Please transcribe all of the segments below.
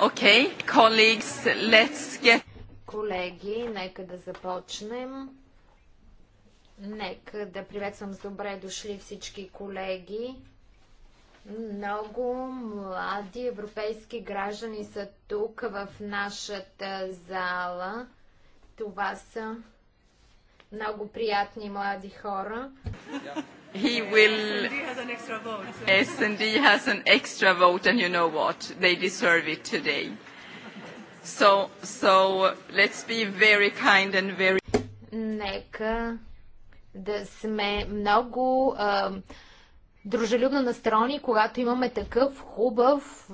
Okay, colleagues, let's get... Колеги, нека да започнем. Нека да приветствам с добре дошли всички колеги. Много млади европейски граждани са тук в нашата зала. Това са много приятни млади хора. Yeah he will S&D has an extra vote. S&D has an extra vote and you know what? They deserve it today. So so let's be very kind and very Нека да сме много а, дружелюбно настроени, когато имаме такъв хубав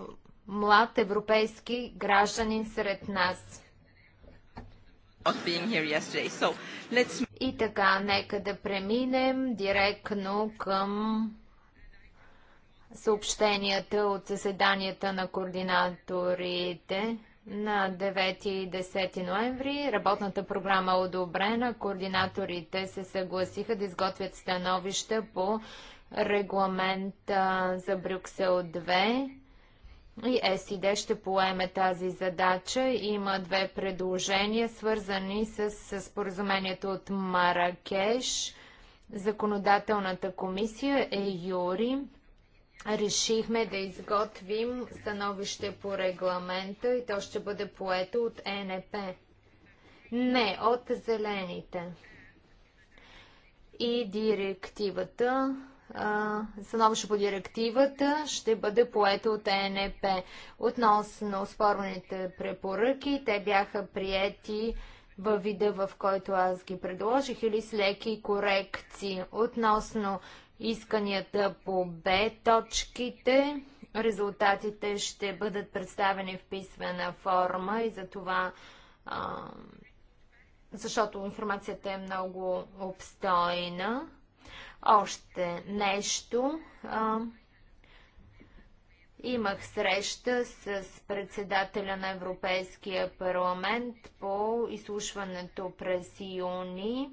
млад европейски гражданин сред нас. И така, нека да преминем директно към съобщенията от заседанията на координаторите на 9 и 10 ноември. Работната програма е одобрена. Координаторите се съгласиха да изготвят становища по регламента за Брюксел 2 и е СИД ще поеме тази задача. Има две предложения, свързани с споразумението от Маракеш. Законодателната комисия е Юри. Решихме да изготвим становище по регламента и то ще бъде поето от е НП. Не, от зелените. И директивата становище по директивата ще бъде поето от ЕНП. Относно спорните препоръки, те бяха приети във вида, в който аз ги предложих, или с леки корекции. Относно исканията по Б точките, резултатите ще бъдат представени в писмена форма и за това а, защото информацията е много обстойна. Още нещо. А, имах среща с председателя на Европейския парламент по изслушването през юни.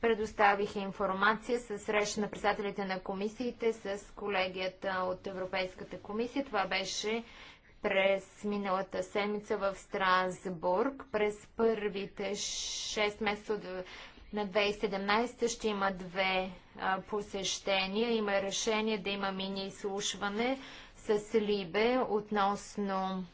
Предоставих информация с среща на председателите на комисиите с колегията от Европейската комисия. Това беше през миналата седмица в Страсбург. През първите 6 месеца от на 2017 ще има две а, посещения. Има решение да има мини-изслушване с Либе относно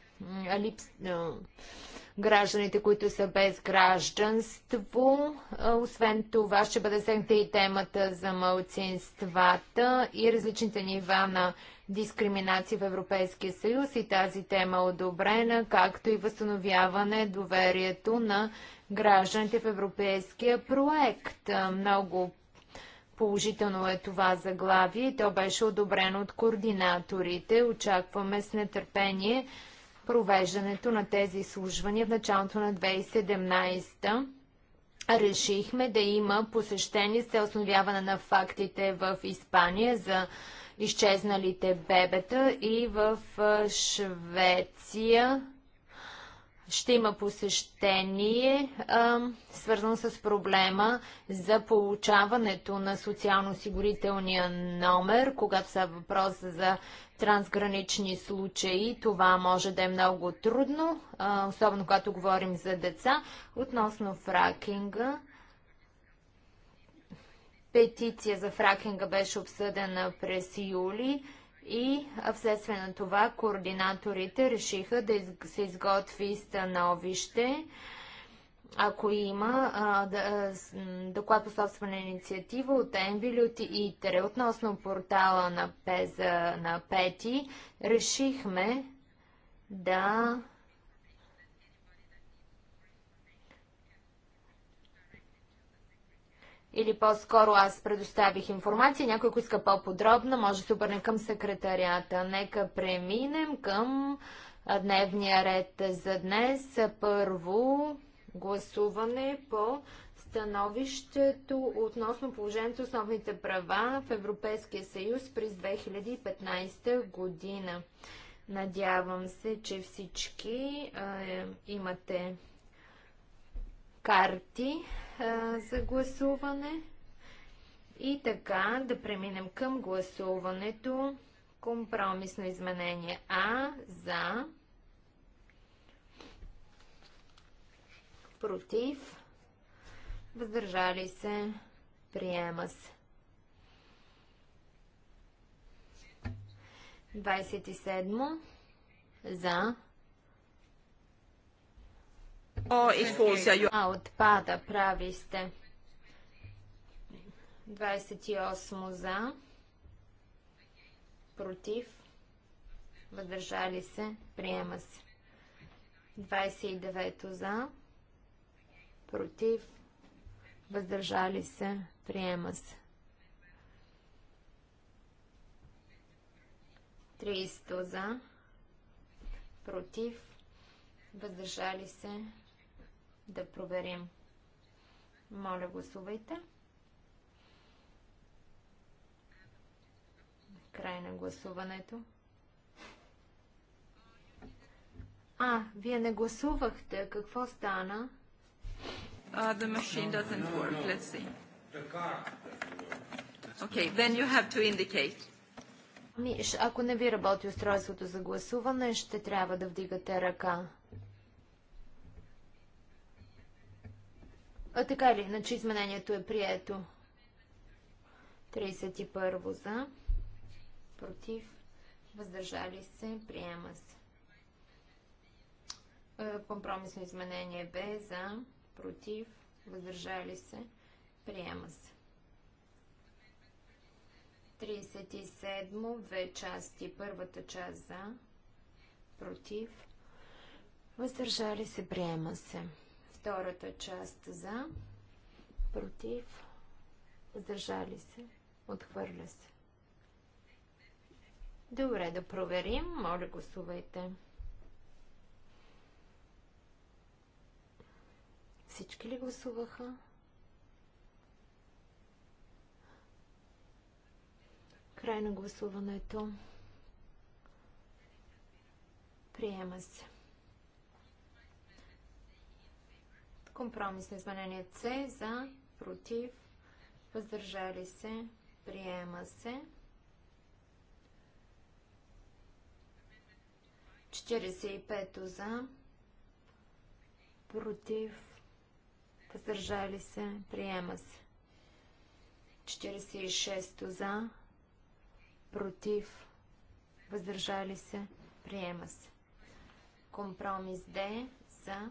гражданите, които са без гражданство. Освен това ще бъде сегната и темата за малцинствата и различните нива на дискриминация в Европейския съюз и тази тема е одобрена, както и възстановяване доверието на гражданите в европейския проект. Много положително е това заглавие. То беше одобрено от координаторите. Очакваме с нетърпение провеждането на тези изслужвания в началото на 2017 -та. Решихме да има посещение се основяване на фактите в Испания за изчезналите бебета и в Швеция ще има посещение, свързано с проблема за получаването на социално-осигурителния номер, когато са въпрос за трансгранични случаи. Това може да е много трудно, особено когато говорим за деца. Относно фракинга, петиция за фракинга беше обсъдена през юли. И вследствие на това координаторите решиха да се изготви становище, ако има доклад по собствена инициатива от Envil от ИТРЕ относно портала на ПЕЗА на Пети, решихме да или по-скоро аз предоставих информация. Някой, ако иска по-подробна, може да се обърне към секретарията. Нека преминем към дневния ред за днес. Първо гласуване по становището относно положението основните права в Европейския съюз през 2015 година. Надявам се, че всички а, е, имате карти а, за гласуване. И така да преминем към гласуването. Компромисно изменение А за против въздържали се приема се. 27 за а, отпада, прави сте. 28 за, против, въздържали се, приема се. 29 за, против, въздържали се, приема се. 300 за, против, въздържали се, да проверим. Моля, гласувайте. Край на гласуването. А, вие не гласувахте. Какво стана? Uh, the machine doesn't work. Let's see. Okay, then you have to indicate. Ами, ако не ви работи устройството за гласуване, ще трябва да вдигате ръка. А, така или значи, изменението е прието. 31 за, против, въздържали се, приема се. Е, компромисно изменение Б за, против, въздържали се, приема се. 37, две части, първата част за, против, въздържали се, приема се. Втората част за, против, Задържали се, отхвърля се. Добре, да проверим. Моля, гласувайте. Всички ли гласуваха? Край на гласуването. Приема се. Компромисно изменение С за, против, въздържали се, приема се. 45 за, против, въздържали се, приема се. 46 за, против, въздържали се, приема се. Компромис Д за,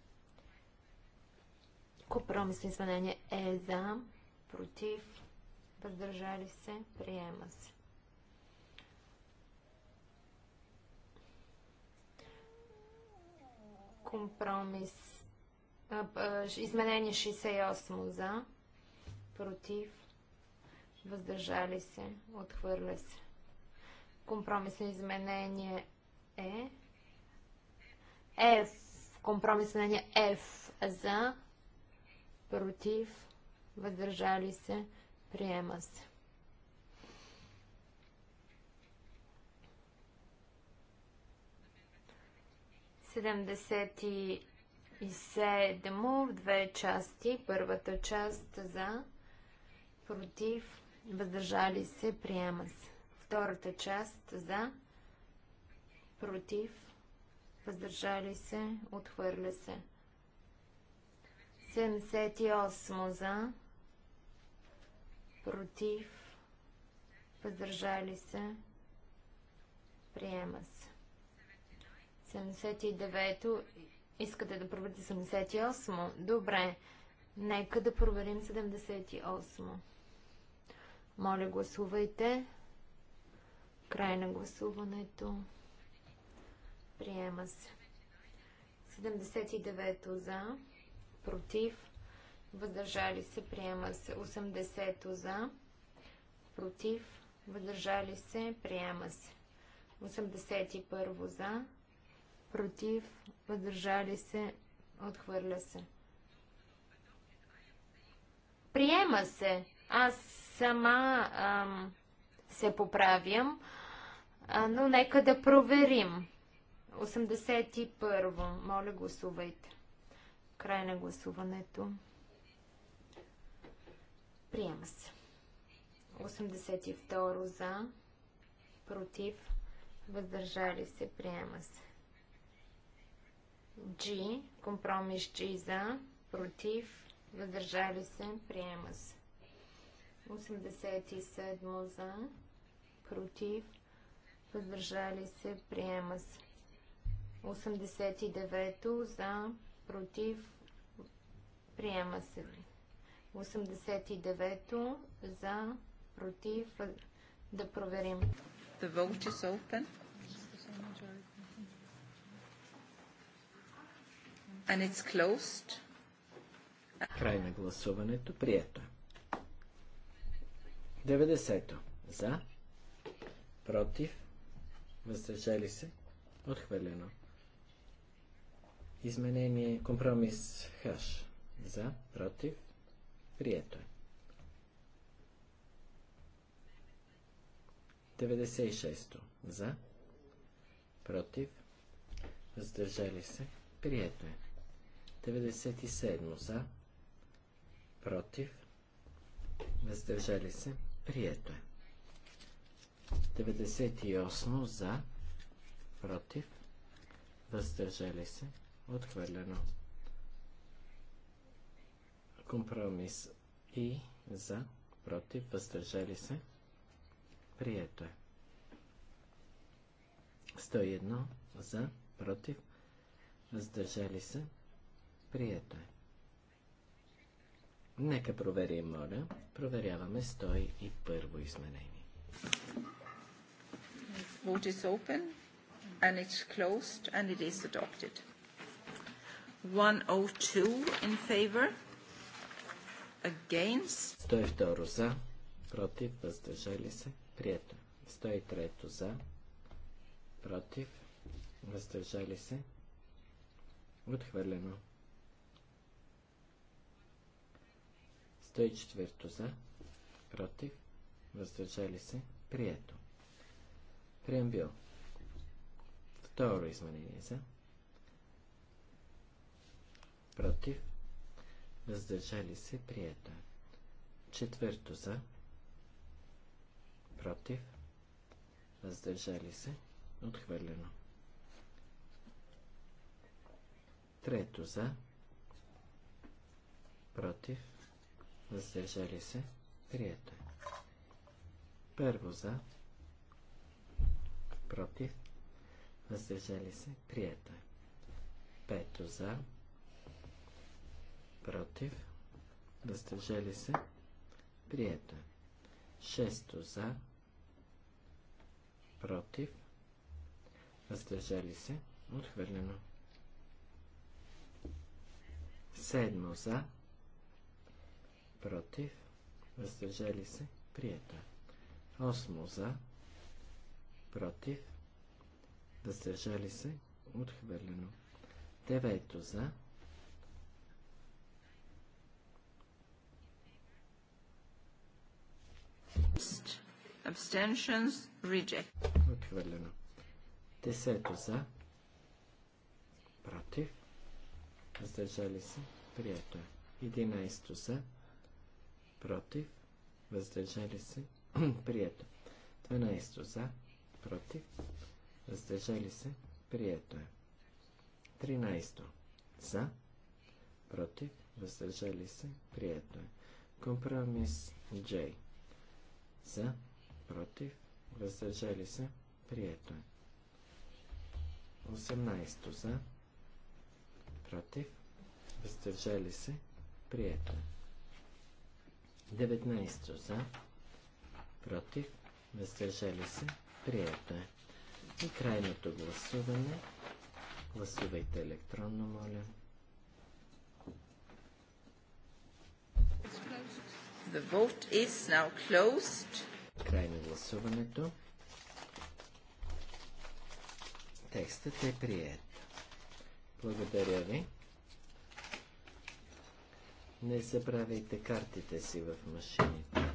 Компромисно изменение е за, против, въздържали се, приема се. Компромис. Изменение 68 за, против, въздържали се, отхвърля се. Компромисно изменение е F. Компромисно изменение F за, против, въздържали се, приема се. Седемдесет и седмо в две части. Първата част за, против, въздържали се, приема се. Втората част за, против, въздържали се, отхвърля се. 78 за, против, въздържали се, приема се. 79 то искате да проверите 78 Добре, нека да проверим 78 Моля, гласувайте. Край на гласуването. Приема се. 79 то за против, въздържали се, приема се. 80 за, против, въздържали се, приема се. 81 за, против, въздържали се, отхвърля се. Приема се. Аз сама ам, се поправям, а, но нека да проверим. 81. Моля, гласувайте. Край на гласуването. Приема се. 82 за, против, въздържали се, приема се. G, компромис G за, против, въздържали се, приема се. 87 за, против, въздържали се, приема се. 89 за, против, приема се. 89-то за, против, да проверим. The vote is open. And it's closed. Край на гласуването. Прието. 90-то. Е. За. Против. Въздържали се. Отхвърлено. 91. Изменение компромис хаш. За, против, прието е. 96 За, против, въздържали се, прието е. 97 За, против, въздържали се, прието е. 98 за, против, въздържали се, Отхвърлено. Компромис и за, против, въздържали се. Прието е. 101 за, против, въздържали се. Прието е. Нека проверим, моля. Проверяваме 101 изменение. Vote is open and it's closed and it is adopted. 102 in favor. Against. 102 за. Против. Въздържали се. Прието. 103 за. Против. Въздържали се. Отхвърлено. 104 за. Против. Въздържали се. Прието. бил. Второ изменение за против, въздържали се, прието Четвърто за, против, въздържали се, отхвърлено. Трето за, против, въздържали се, прието Първо за, против, въздържали се, прието Пето за, против, въздържали се, прието е. Шесто за, против, въздържали се, отхвърлено. Седмо за, против, въздържали се, прието е. Осмо за, против, въздържали се, отхвърлено. Девето за, Abstentions. Reject. Отхвърлено. Десето за. Против. Въздържали се. Прието е. Единайсто за. Против. Въздържали се. Прието. Дванайсто за. Против. Въздържали се. Прието е. Тринайсто. За. Против. Въздържали се. Прието е. Компромис J. За против, въздържали се, прието е. 18 за, против, въздържали се, прието е. 19 за, против, въздържали се, прието е. И крайното гласуване. Гласувайте електронно, моля. The vote is now closed. Край на гласуването. Текстът е прият. Благодаря ви. Не забравяйте картите си в машините.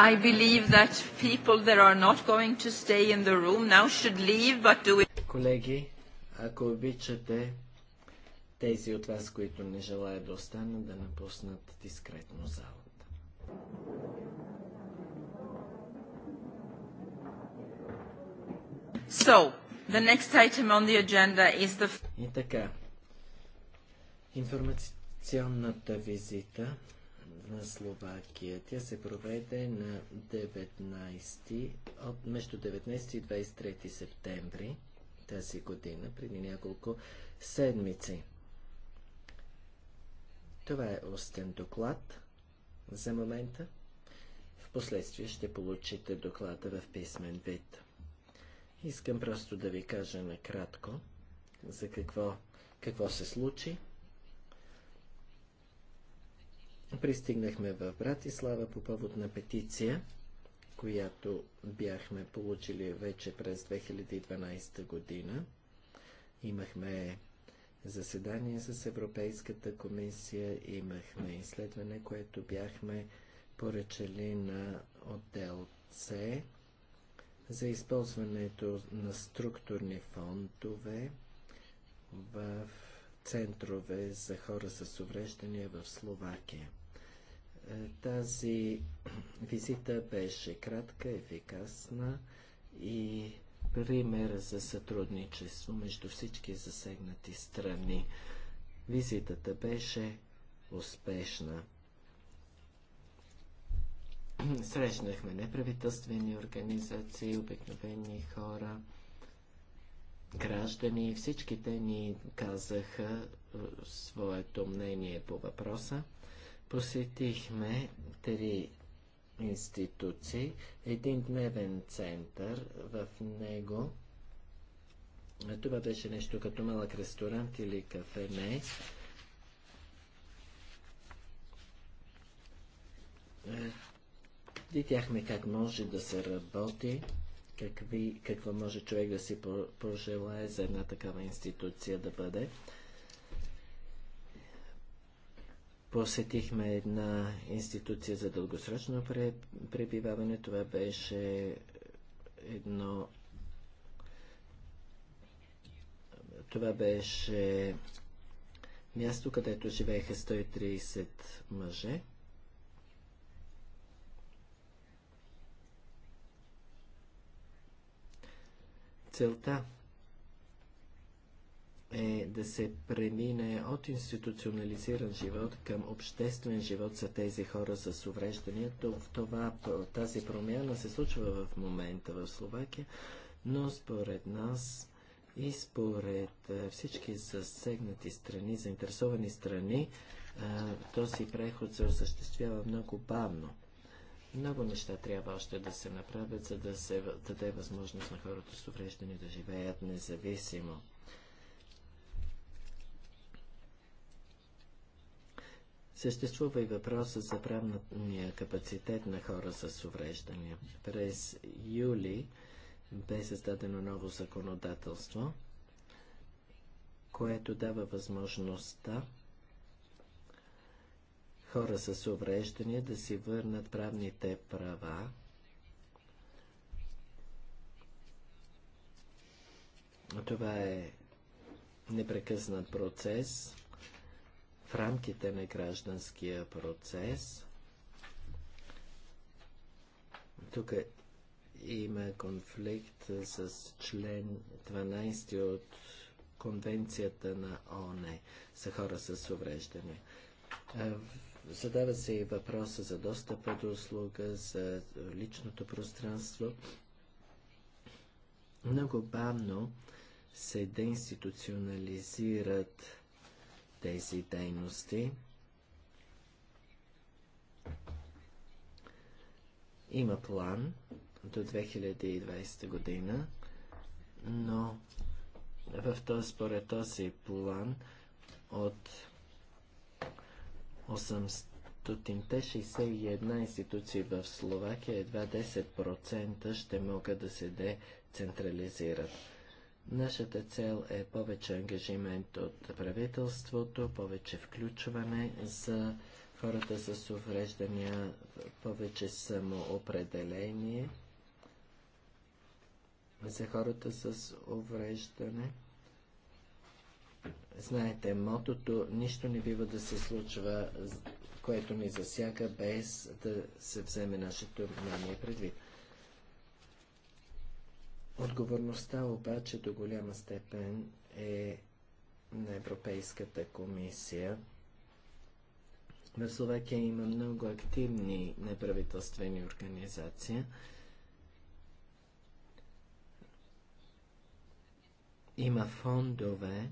I believe that people that are not going to stay in the room now should leave, but do it. Колеги, ако обичате, тези от вас, които не желаят да останат, да напуснат дискретно залата. So, the next item on the agenda is the... И така, информационната визита на Словакия. Тя се проведе на 19, от, между 19 и 23 септември тази година, преди няколко седмици. Това е устен доклад за момента. Впоследствие ще получите доклада в писмен вид. Искам просто да ви кажа накратко за какво, какво се случи Пристигнахме в Братислава по повод на петиция, която бяхме получили вече през 2012 година. Имахме заседание с Европейската комисия, имахме изследване, което бяхме поръчали на отдел С за използването на структурни фондове в центрове за хора с увреждания в Словакия. Е, тази визита беше кратка, ефикасна и пример за сътрудничество между всички засегнати страни. Визитата беше успешна. Срещнахме неправителствени организации, обикновени хора, граждани. Всички те ни казаха е, своето мнение по въпроса. Посетихме три институции, един дневен център, в него това беше нещо като малък ресторант или кафе не. Е, видяхме как може да се работи, какви, какво може човек да си пожелае за една такава институция да бъде. Посетихме една институция за дългосрочно пребиваване. Това беше едно. Това беше място, където живееха 130 мъже. Целта е да се премине от институционализиран живот към обществен живот за тези хора с увреждания. Това, тази промяна се случва в момента в Словакия, но според нас и според е, всички засегнати страни, заинтересовани страни, е, този преход се осъществява много бавно. Много неща трябва още да се направят, за да се даде възможност на хората с увреждане да живеят независимо. Съществува и въпроса за правния капацитет на хора с увреждания. През юли бе създадено ново законодателство, което дава възможността хора с увреждания да си върнат правните права Това е непрекъснат процес в рамките на гражданския процес. Тук има конфликт с член 12 от Конвенцията на ООН за хора с увреждания. Задава се и въпроса за достъпа до услуга, за личното пространство. Много бавно се деинституционализират тези дейности. Има план до 2020 година, но в този, според този план от 861 институции в Словакия едва 10% ще могат да се децентрализират. Нашата цел е повече ангажимент от правителството, повече включване за хората с увреждания, повече самоопределение за хората с увреждане. Знаете, мотото нищо не бива да се случва, което ни засяга, без да се вземе нашето мнение предвид. Отговорността обаче до голяма степен е на Европейската комисия. В Словакия има много активни неправителствени организации. Има фондове,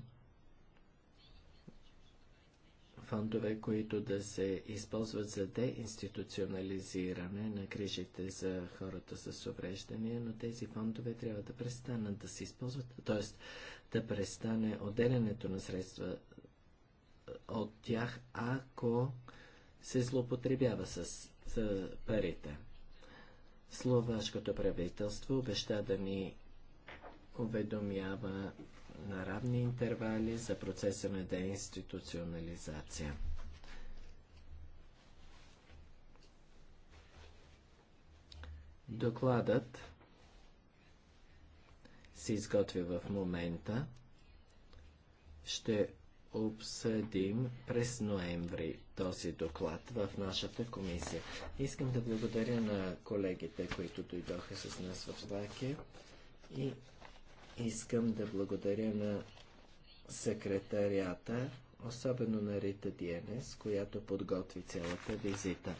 фондове, които да се използват за деинституционализиране на грижите за хората с увреждания, но тези фондове трябва да престанат да се използват, т.е. да престане отделянето на средства от тях, ако се злоупотребява с, с парите. Словашкото правителство обеща да ни уведомява на равни интервали за процеса на деинституционализация. Докладът се изготвя в момента. Ще обсъдим през ноември този доклад в нашата комисия. Искам да благодаря на колегите, които дойдоха с нас в Слакия и Искам да благодаря на секретарията, особено на Рита Диенес, която подготви цялата визита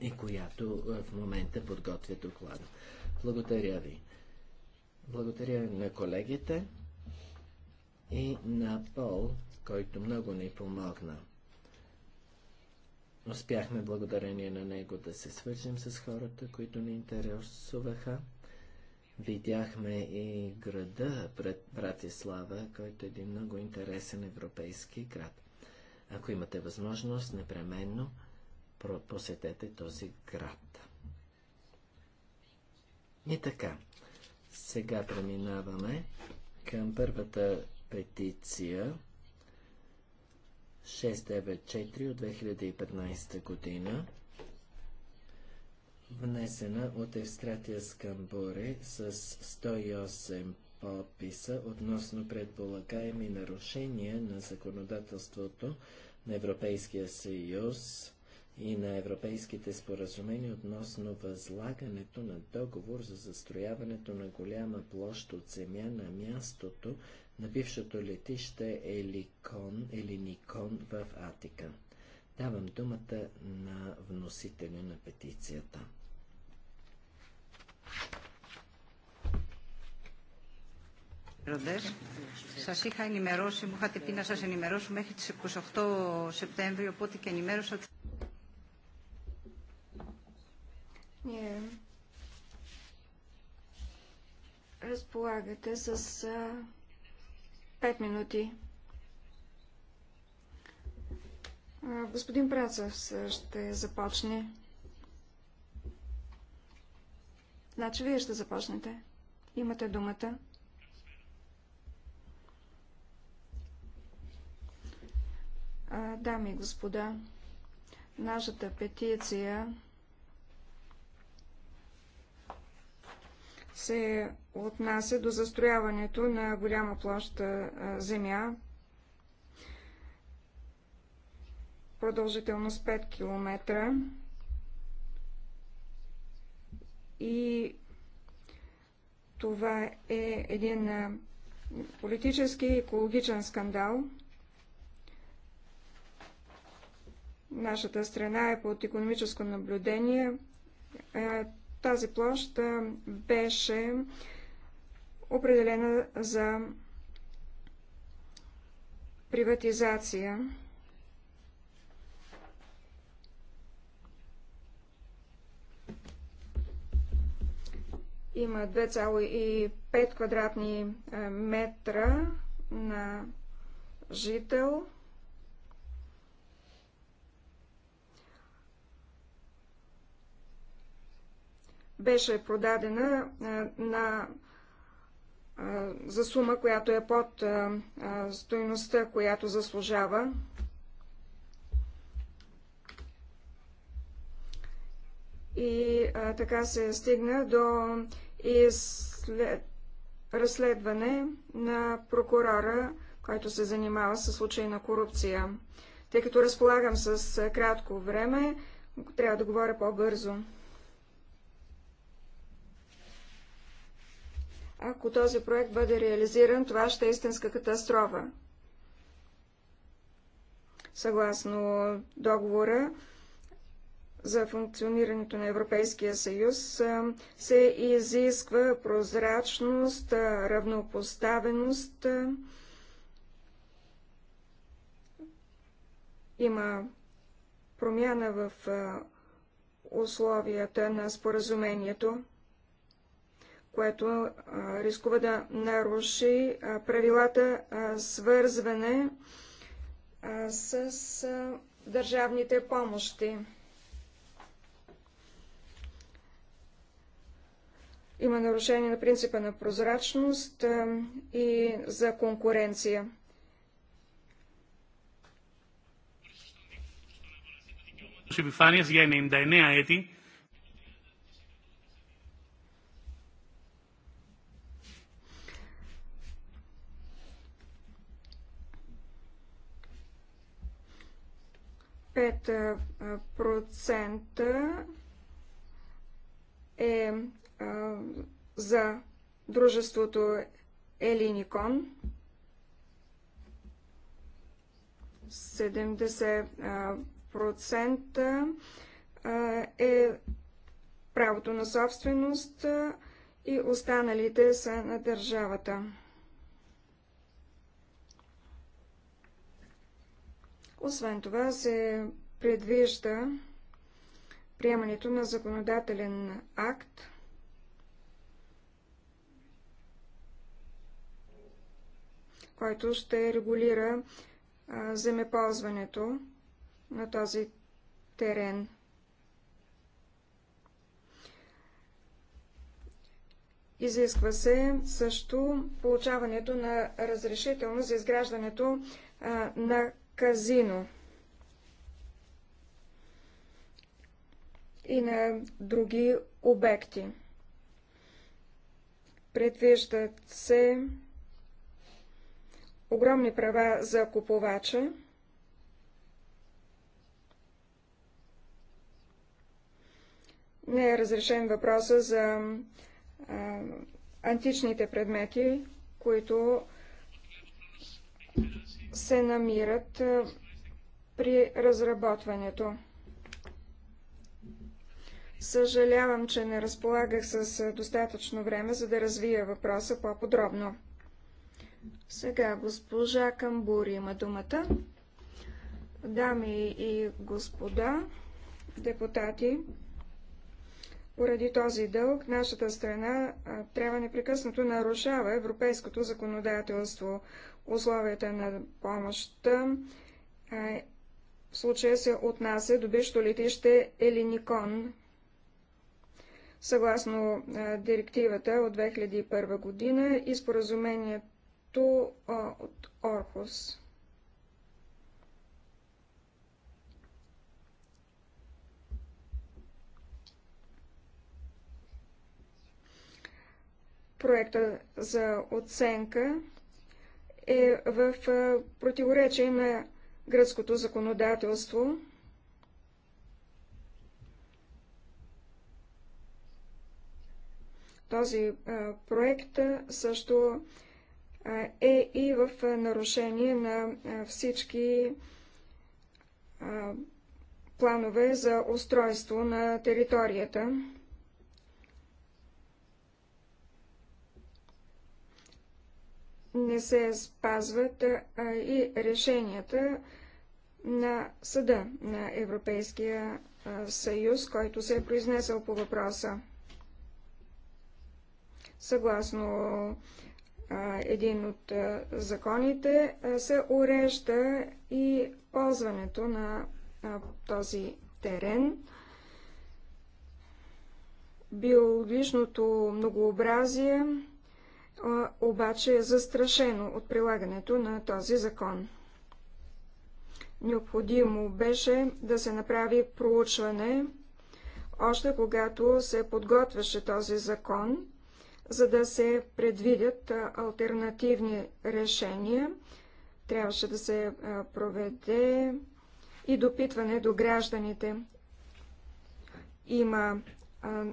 и която е, в момента подготвя доклада. Благодаря ви. Благодаря на колегите и на Пол, който много ни помогна. Успяхме благодарение на него да се свържим с хората, които ни интересуваха. Видяхме и града пред Братислава, който е един много интересен европейски град. Ако имате възможност, непременно посетете този град. И така, сега преминаваме към първата петиция 694 от 2015 година внесена от Евстратия Скамборе с 108 подписа относно предполагаеми нарушения на законодателството на Европейския съюз и на европейските споразумения относно възлагането на договор за застрояването на голяма площ от земя на мястото на бившото летище Еликон или Никон в Атика. Давам думата на вносителя на петицията. Σας είχα ενημερώσει, μου είχατε πει να σας ενημερώσω μέχρι τις 28 Σεπτέμβρη, οπότε και ενημέρωσα ότι... Ние разполагате с 5 минути. Господин Працев ще започне. Значи вие ще започнете. Имате думата. А, дами и господа, нашата петиция се отнася до застрояването на голяма площ земя, продължителност 5 км, и това е един политически и екологичен скандал. Нашата страна е под економическо наблюдение. Е, тази площ беше определена за приватизация. има 2,5 квадратни е, метра на жител. Беше продадена е, на, е, за сума, която е под стоеността, която заслужава. и а, така се стигна до изслед... разследване на прокурора, който се занимава с случай на корупция. Тъй като разполагам с кратко време, трябва да говоря по-бързо. Ако този проект бъде реализиран, това ще е истинска катастрофа. Съгласно договора, за функционирането на Европейския съюз се изисква прозрачност, равнопоставеност. Има промяна в условията на споразумението, което рискува да наруши правилата свързване с държавните помощи. Има нарушение на принципа на прозрачност и за конкуренция. επιφάνειες για 99 έτη. Πέτα προτσέντα за дружеството Елиникон. 70% е правото на собственост и останалите са на държавата. Освен това се предвижда приемането на законодателен акт – който ще регулира земеползването на този терен. Изисква се също получаването на разрешително за изграждането а, на казино и на други обекти. Предвиждат се огромни права за купувача. Не е разрешен въпроса за а, античните предмети, които се намират при разработването. Съжалявам, че не разполагах с достатъчно време, за да развия въпроса по-подробно. Сега госпожа Камбури има думата. Дами и господа, депутати, поради този дълг нашата страна трябва непрекъснато нарушава европейското законодателство. Условията на помощта в случая се отнася до бившето летище Елиникон. Съгласно директивата от 2001 година и споразумението както а, от Орхус. Проекта за оценка е в противоречие на гръцкото законодателство. Този проект също е и в нарушение на всички планове за устройство на територията. Не се спазват и решенията на Съда на Европейския съюз, който се е произнесъл по въпроса. Съгласно един от законите се урежда и ползването на този терен. Биологичното многообразие обаче е застрашено от прилагането на този закон. Необходимо беше да се направи проучване, още когато се подготвяше този закон, за да се предвидят альтернативни решения. Трябваше да се проведе и допитване до гражданите. Има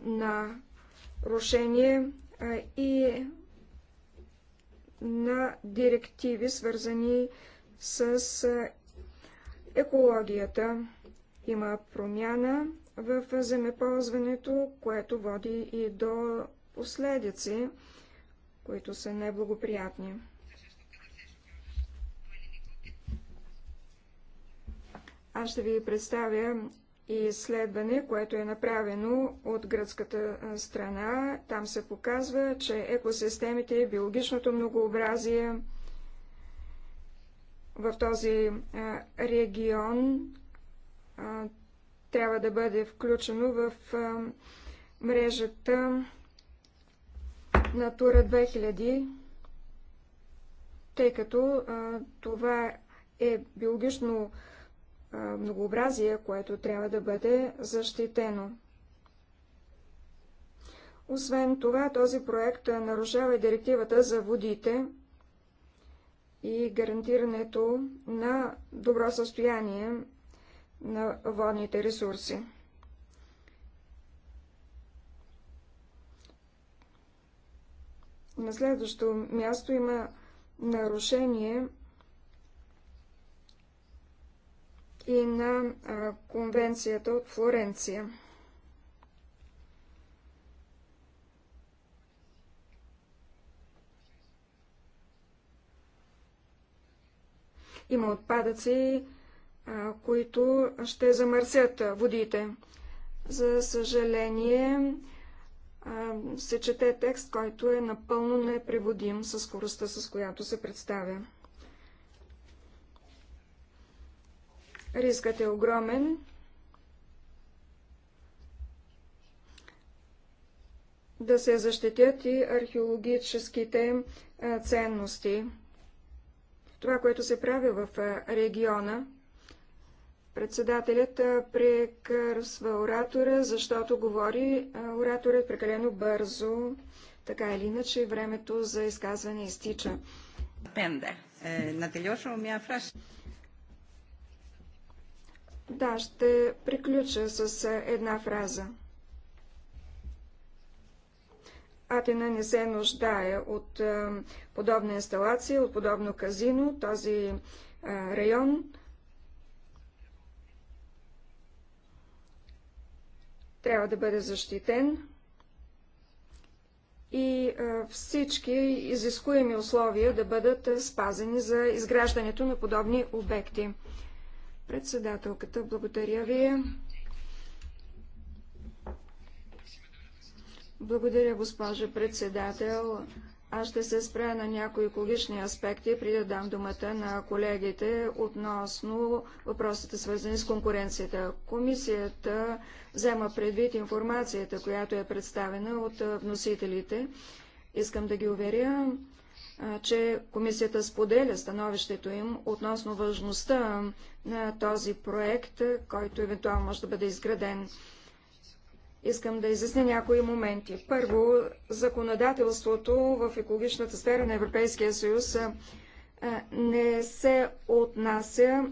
нарушение и на директиви, свързани с екологията. Има промяна в земеползването, което води и до последици, които са неблагоприятни. Аз ще ви представя и изследване, което е направено от гръцката страна. Там се показва, че екосистемите, биологичното многообразие в този регион трябва да бъде включено в мрежата Натура 2000, тъй като а, това е биологично а, многообразие, което трябва да бъде защитено. Освен това, този проект нарушава и директивата за водите и гарантирането на добро състояние на водните ресурси. На следващо място има нарушение и на а, конвенцията от Флоренция. Има отпадъци, а, които ще замърсят водите. За съжаление, се чете текст, който е напълно непреводим със скоростта, с която се представя. Рискът е огромен. Да се защитят и археологическите ценности. Това, което се прави в региона, Председателят прекърсва оратора, защото говори ораторът прекалено бързо. Така или иначе, времето за изказване изтича. Пенде. Е, На телешо фраш. Да, ще приключа с една фраза. Атина не се нуждае от подобна инсталация, от подобно казино. Този район трябва да бъде защитен и всички изискуеми условия да бъдат спазени за изграждането на подобни обекти. Председателката, благодаря ви. Благодаря, госпожа председател. Аз ще се спра на някои екологични аспекти, преди да дам думата на колегите относно въпросите, свързани с конкуренцията. Комисията взема предвид информацията, която е представена от вносителите. Искам да ги уверя, че комисията споделя становището им относно важността на този проект, който евентуално може да бъде изграден. Искам да изясня някои моменти. Първо, законодателството в екологичната сфера на Европейския съюз не се отнася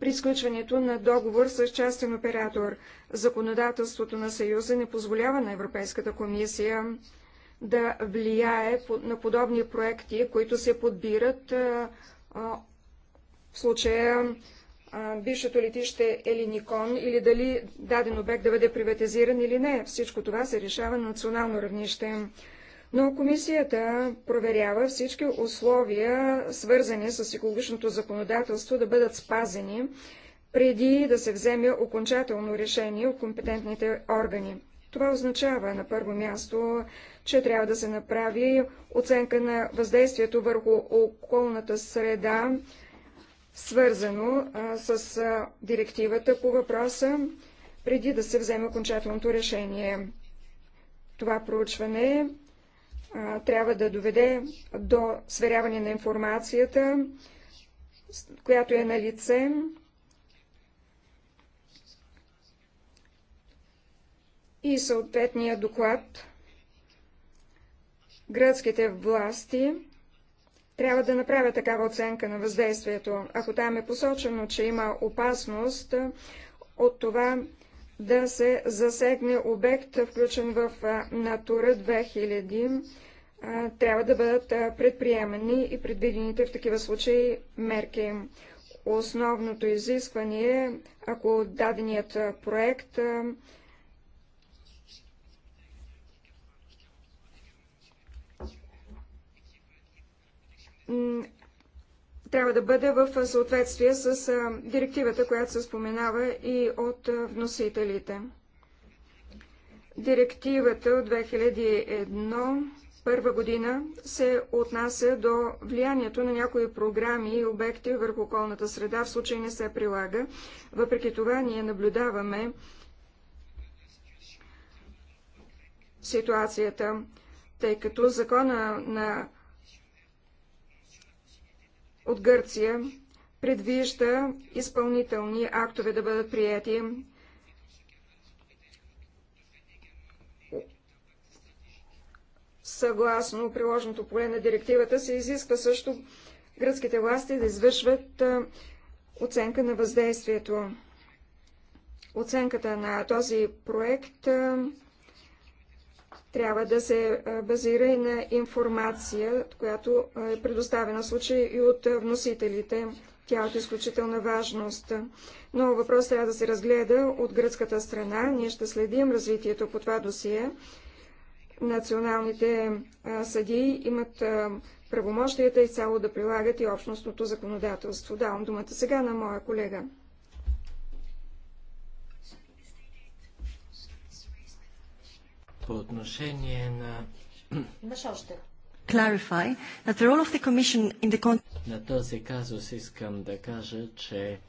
при сключването на договор с частен оператор. Законодателството на Съюза не позволява на Европейската комисия да влияе на подобни проекти, които се подбират в случая бившето летище Никон, или дали даден обект да бъде приватизиран или не. Всичко това се решава на национално равнище. Но комисията проверява всички условия, свързани с екологичното законодателство, да бъдат спазени, преди да се вземе окончателно решение от компетентните органи. Това означава на първо място, че трябва да се направи оценка на въздействието върху околната среда свързано а, с а, директивата по въпроса, преди да се вземе окончателното решение. Това проучване а, трябва да доведе до сверяване на информацията, която е на лице. И съответния доклад. Гръцките власти трябва да направя такава оценка на въздействието. Ако там е посочено, че има опасност от това да се засегне обект, включен в Натура 2000, трябва да бъдат предприемани и предвидените в такива случаи мерки. Основното изискване е, ако даденият проект трябва да бъде в съответствие с директивата, която се споменава и от вносителите. Директивата от 2001 първа година се отнася до влиянието на някои програми и обекти върху околната среда, в случай не се прилага. Въпреки това ние наблюдаваме ситуацията, тъй като закона на от Гърция предвижда изпълнителни актове да бъдат прияти. Съгласно приложеното поле на директивата се изисква също гръцките власти да извършват оценка на въздействието. Оценката на този проект трябва да се базира и на информация, която е предоставена в случай и от вносителите. Тя е от изключителна важност. Но въпрос трябва да се разгледа от гръцката страна. Ние ще следим развитието по това досие. Националните съдии имат правомощията и цяло да прилагат и общностното законодателство. Давам думата сега на моя колега. по отношение на... Clarify that the role of the Commission in the На този казус искам да кажа, че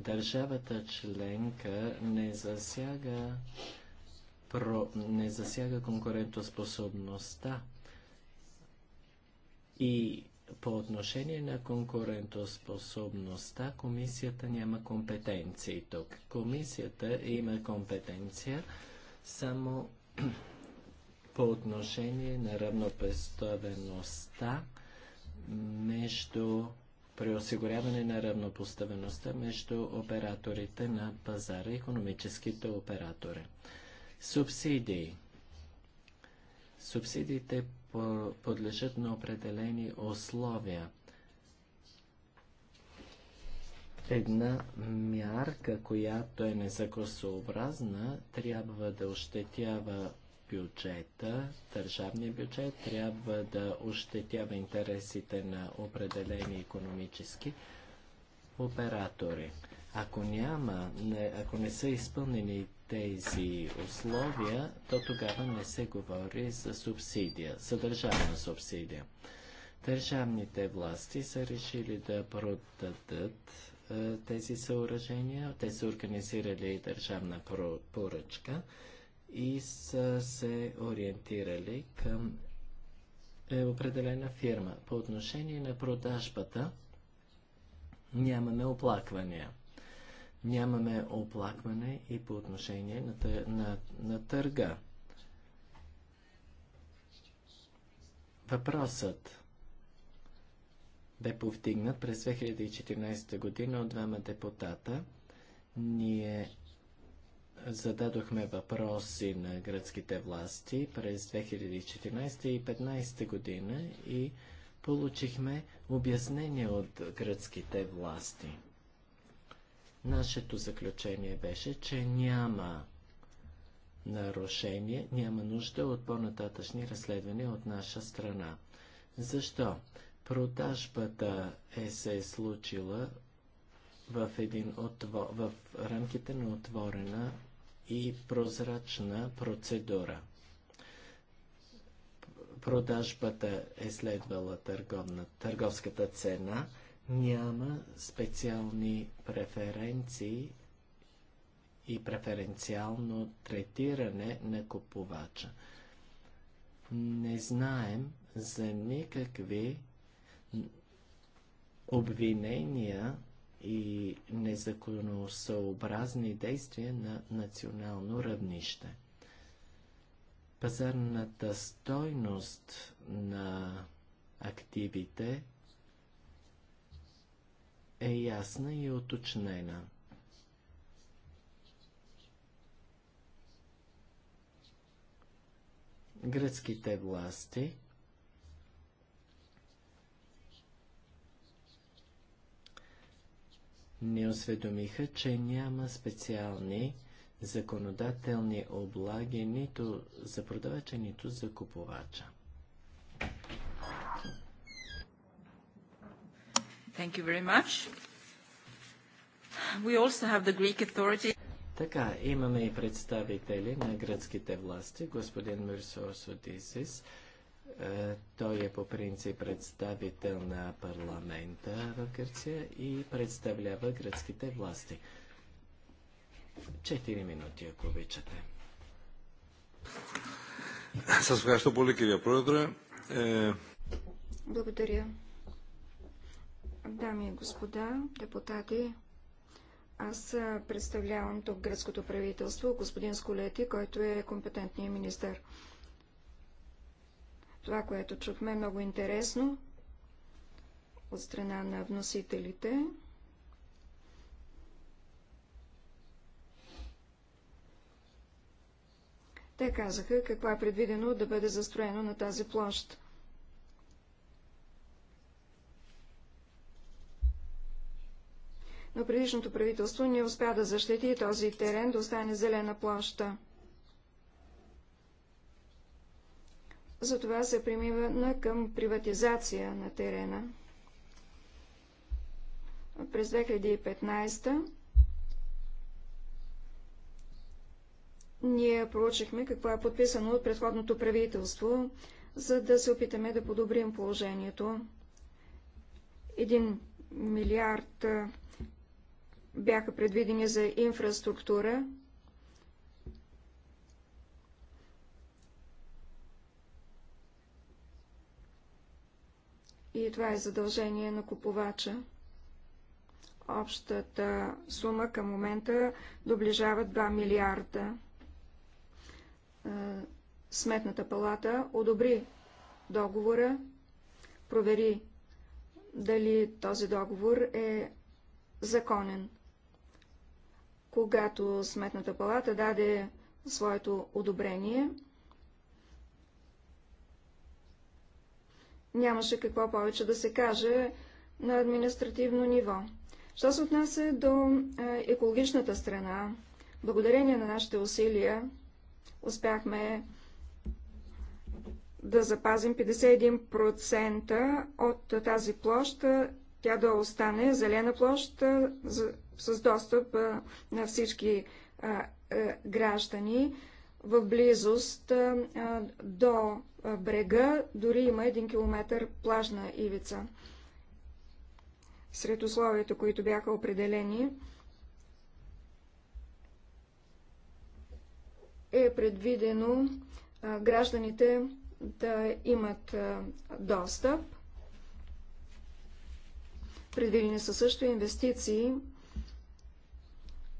държавата членка не засяга, про... не засяга конкурентоспособността и по отношение на конкурентоспособността, комисията няма компетенции тук. Комисията има компетенция само по отношение на равнопоставеността между при осигуряване на равнопоставеността между операторите на пазара, економическите оператори. Субсидии. Субсидиите подлежат на определени условия. Една мярка, която е незакосообразна, трябва да ощетява бюджета, държавния бюджет трябва да ощетява интересите на определени економически оператори. Ако няма, не, ако не са изпълнени тези условия, то тогава не се говори за субсидия, за държавна субсидия. Държавните власти са решили да продадат е, тези съоръжения. Те са организирали държавна поръчка и са се ориентирали към определена фирма. По отношение на продажбата нямаме оплаквания. Нямаме оплакване и по отношение на, на, на търга. Въпросът бе повдигнат през 2014 година от двама депутата. Ние зададохме въпроси на гръцките власти през 2014 и 2015 година и получихме обяснение от гръцките власти. Нашето заключение беше, че няма нарушение, няма нужда от по-нататъчни разследвания от наша страна. Защо? Продажбата е се е случила в, един отво... в рамките на отворена и прозрачна процедура. Продажбата е следвала търговна, търговската цена, няма специални преференции и преференциално третиране на купувача. Не знаем за никакви обвинения и незаконосъобразни действия на национално равнище. Пазарната стойност на активите е ясна и уточнена. Гръцките власти – ни осведомиха, че няма специални законодателни облаги нито за продавача, нито за купувача. Thank you very much. We also have the Greek authority. Така, имаме и представители на гръцките власти, господин Мирсо Содисис. Е, той е по принцип представител на парламента в Гърция и представлява гръцките власти. Четири минути, ако обичате. Със ευχαριστώ πολύ, е, Благодаря. Дами и господа, депутати, аз представлявам тук гръцкото правителство, господин Сколети, който е компетентният министър. Това, което чухме, е много интересно от страна на вносителите. Те казаха какво е предвидено да бъде застроено на тази площ. Но предишното правителство не успя да защити този терен да остане зелена площа. Затова се на към приватизация на терена. През 2015 ние проучихме какво е подписано от предходното правителство, за да се опитаме да подобрим положението. Един милиард бяха предвидени за инфраструктура, и това е задължение на купувача. Общата сума към момента доближава 2 милиарда. Сметната палата одобри договора, провери дали този договор е законен. Когато Сметната палата даде своето одобрение, нямаше какво повече да се каже на административно ниво. Що се отнася до е, екологичната страна, благодарение на нашите усилия успяхме да запазим 51% от тази площ, тя да остане зелена площ е, с достъп е, на всички граждани в близост до брега, дори има 1 км плажна ивица. Сред условията, които бяха определени, е предвидено гражданите да имат достъп. Предвидени са също инвестиции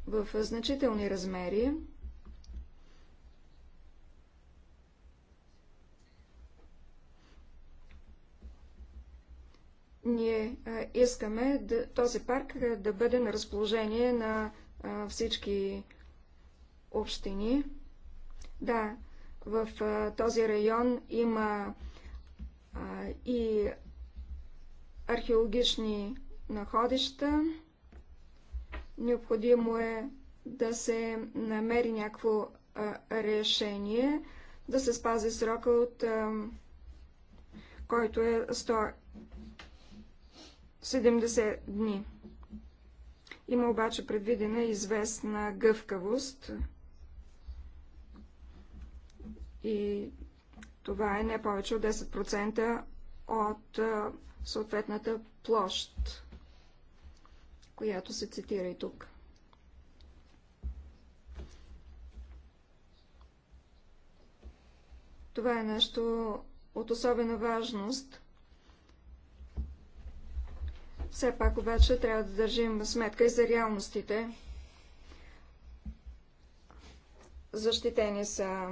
в значителни размери. Ние искаме да, този парк да бъде на разположение на всички общини. Да, в този район има и археологични находища. Необходимо е да се намери някакво решение, да се спази срока от който е 70 дни. Има обаче предвидена известна гъвкавост и това е не повече от 10% от съответната площ, която се цитира и тук. Това е нещо от особена важност – все пак обаче трябва да държим сметка и за реалностите. Защитени са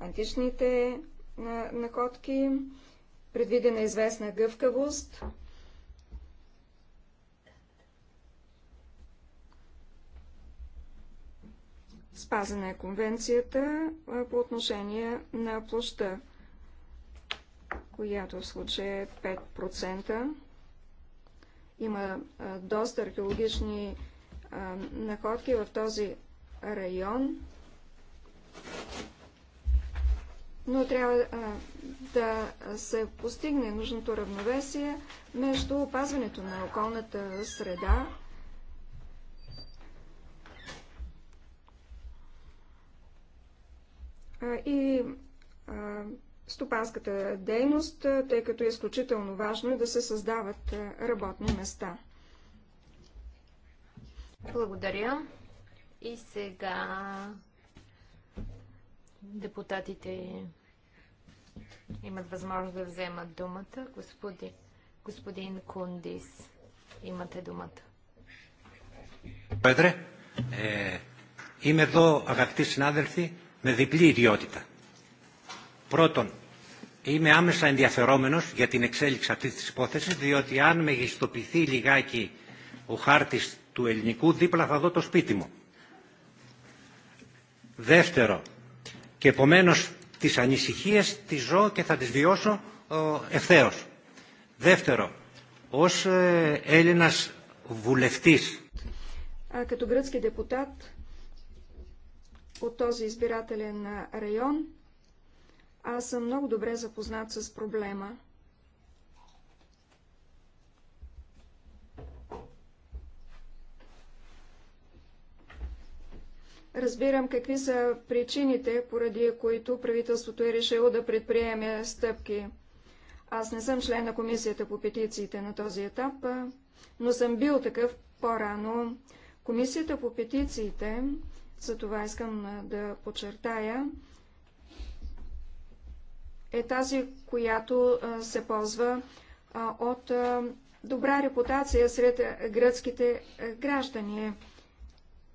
античните находки, предвидена известна гъвкавост. Спазена е конвенцията по отношение на площа, която в случая е 5%. Има доста археологични находки в този район, но трябва да се постигне нужното равновесие между опазването на околната среда и стопанската дейност, тъй като е изключително важно да се създават работни места. Благодаря. И сега депутатите имат възможност да вземат думата. Господи, господин Кундис, имате думата. Петре, е, името, εδώ αγαπητοί συνάδελφοι με διπλή ιδιότητα. Πρώτον, είμαι άμεσα ενδιαφερόμενος για την εξέλιξη αυτής της υπόθεσης, διότι αν μεγιστοποιηθεί λιγάκι ο χάρτης του ελληνικού, δίπλα θα δω το σπίτι μου. Δεύτερο, και επομένως τις ανησυχίες τις ζω και θα τις βιώσω ευθέως. Δεύτερο, ως Έλληνας βουλευτής. А като гръцки депутат от този избирателен район, аз съм много добре запознат с проблема. Разбирам какви са причините, поради които правителството е решило да предприеме стъпки. Аз не съм член на комисията по петициите на този етап, но съм бил такъв по-рано. Комисията по петициите, за това искам да подчертая, е тази, която се ползва от добра репутация сред гръцките граждани,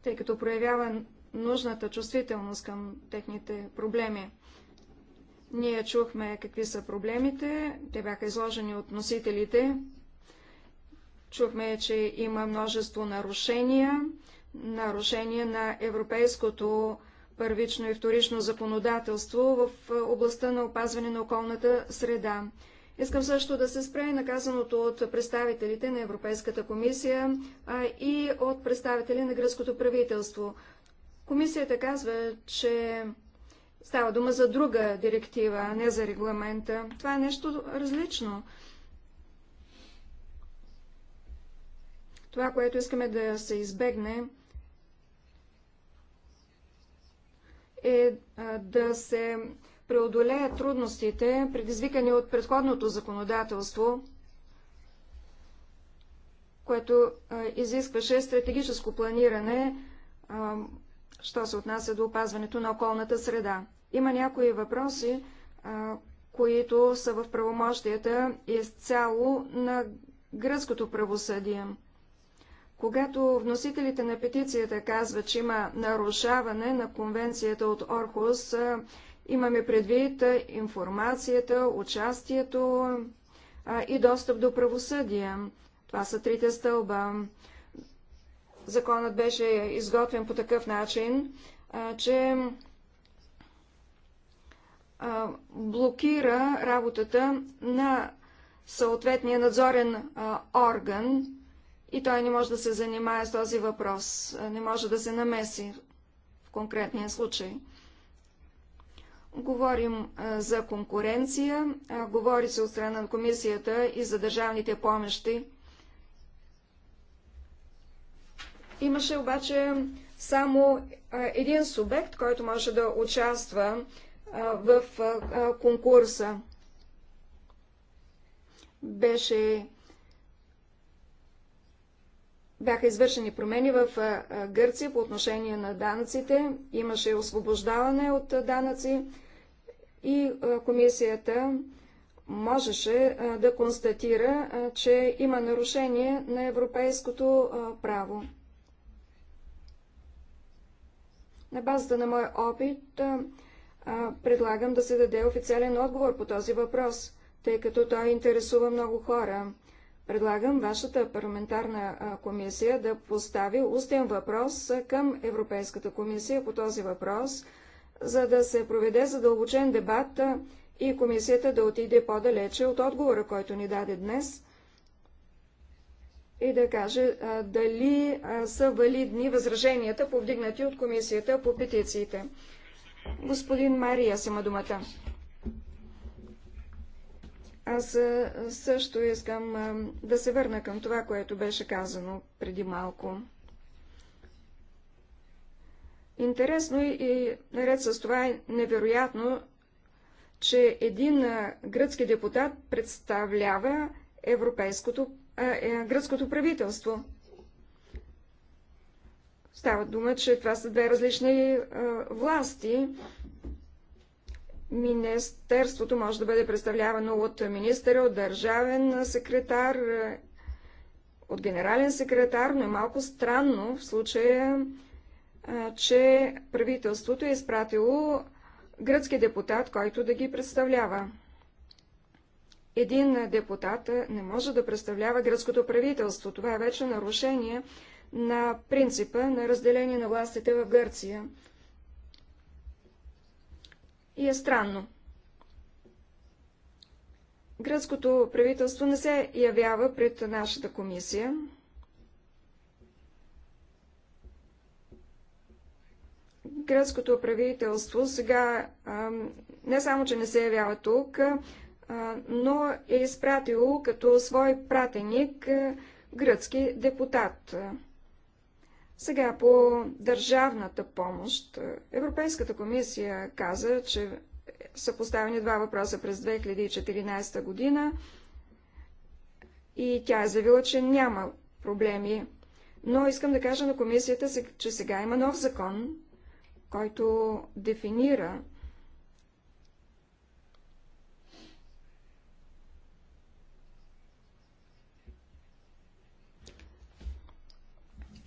тъй като проявява нужната чувствителност към техните проблеми. Ние чухме какви са проблемите, те бяха изложени от носителите. Чухме, че има множество нарушения, нарушения на европейското първично и вторично законодателство в областта на опазване на околната среда. Искам също да се спре наказаното от представителите на Европейската комисия а и от представители на гръцкото правителство. Комисията казва, че става дума за друга директива, а не за регламента. Това е нещо различно. Това, което искаме да се избегне, е да се преодолеят трудностите, предизвикани от предходното законодателство, което изискваше стратегическо планиране, що се отнася до опазването на околната среда. Има някои въпроси, които са в правомощията изцяло на гръцкото правосъдие. Когато вносителите на петицията казват, че има нарушаване на конвенцията от Орхус, имаме предвид информацията, участието и достъп до правосъдие. Това са трите стълба. Законът беше изготвен по такъв начин, че блокира работата на съответния надзорен орган и той не може да се занимае с този въпрос, е, не може да се намеси в конкретния случай. Говорим е, за конкуренция, е, говори се от страна на комисията и за държавните помощи. Имаше обаче само един субект, който може да участва в конкурса. Беше бяха извършени промени в Гърция по отношение на данъците. Имаше освобождаване от данъци и комисията можеше да констатира, че има нарушение на европейското право. На базата на моя опит предлагам да се даде официален отговор по този въпрос, тъй като той интересува много хора. Предлагам вашата парламентарна комисия да постави устен въпрос към Европейската комисия по този въпрос, за да се проведе задълбочен дебат и комисията да отиде по-далече от отговора, който ни даде днес и да каже дали са валидни възраженията, повдигнати от комисията по петициите. Господин Мария, сема думата. Аз също искам да се върна към това, което беше казано преди малко. Интересно и наред с това е невероятно, че един гръцки депутат представлява европейското, а, е, гръцкото правителство. Става дума, че това са две различни а, власти Министерството може да бъде представлявано от министъра, от държавен секретар, от генерален секретар, но е малко странно в случая, че правителството е изпратило гръцки депутат, който да ги представлява. Един депутат не може да представлява гръцкото правителство. Това е вече нарушение на принципа на разделение на властите в Гърция и е странно. Гръцкото правителство не се явява пред нашата комисия. Гръцкото правителство сега а, не само, че не се явява тук, а, но е изпратило като свой пратеник а, гръцки депутат. Сега по държавната помощ. Европейската комисия каза, че са поставени два въпроса през 2014 година и тя е заявила, че няма проблеми. Но искам да кажа на комисията, че сега има нов закон, който дефинира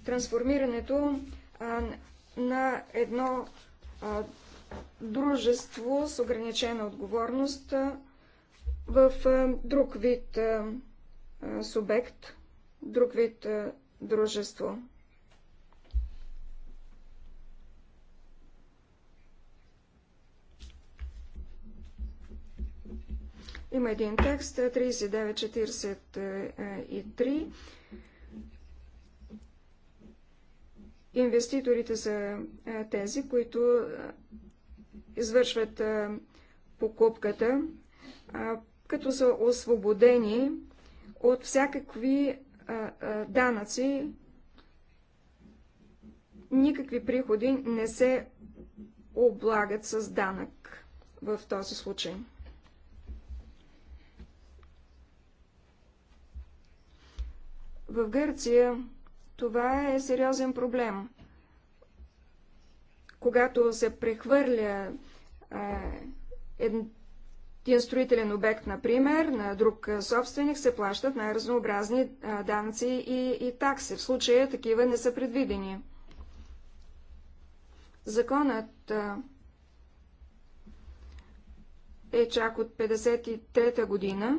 трансформирането а, на едно а, дружество с ограничена отговорност а, в а, друг вид а, субект, друг вид а, дружество. Има един текст 3943 Инвеститорите са тези, които извършват покупката, като са освободени от всякакви данъци, никакви приходи не се облагат с данък в този случай. В Гърция това е сериозен проблем. Когато се прехвърля един строителен обект, например, на друг собственик, се плащат най-разнообразни данци и, и такси. В случая такива не са предвидени. Законът е чак от 1953 година.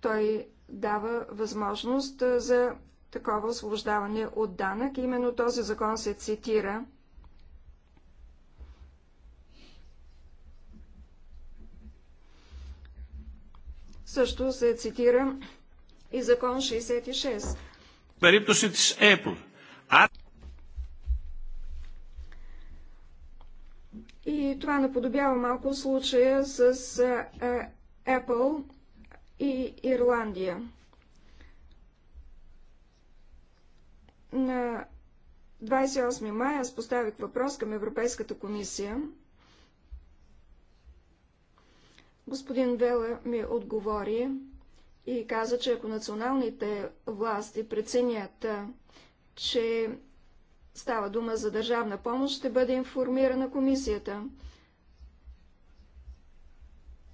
Той дава възможност за такова освобождаване от данък. Именно този закон се цитира. Също се цитира и закон 66. Apple. И това наподобява малко случая с Apple и Ирландия. На 28 май аз поставих въпрос към Европейската комисия. Господин Вела ми отговори и каза, че ако националните власти преценят, че става дума за държавна помощ, ще бъде информирана комисията.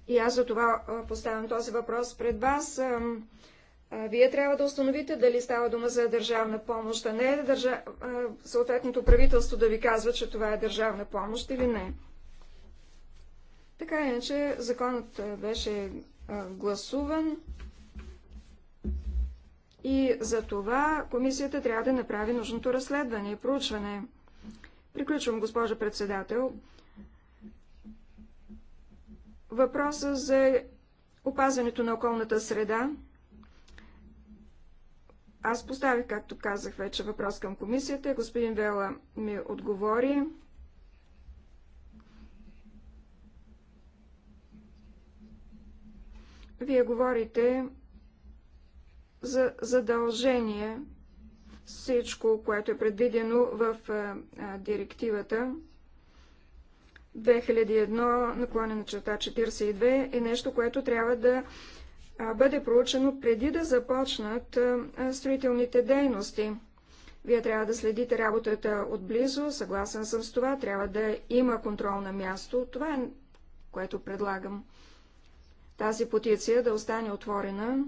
И аз за това поставям този въпрос пред вас вие трябва да установите дали става дума за държавна помощ, а не държа... съответното правителство да ви казва, че това е държавна помощ или не. Така иначе законът беше гласуван и за това комисията трябва да направи нужното разследване и проучване. Приключвам, госпожа председател. Въпросът за опазването на околната среда аз поставих, както казах вече, въпрос към комисията. Господин Вела ми отговори. Вие говорите за задължение всичко, което е предвидено в директивата 2001 наклонена черта 42 е нещо, което трябва да бъде проучено преди да започнат строителните дейности. Вие трябва да следите работата отблизо, съгласен съм с това, трябва да има контрол на място. Това е което предлагам. Тази потиция да остане отворена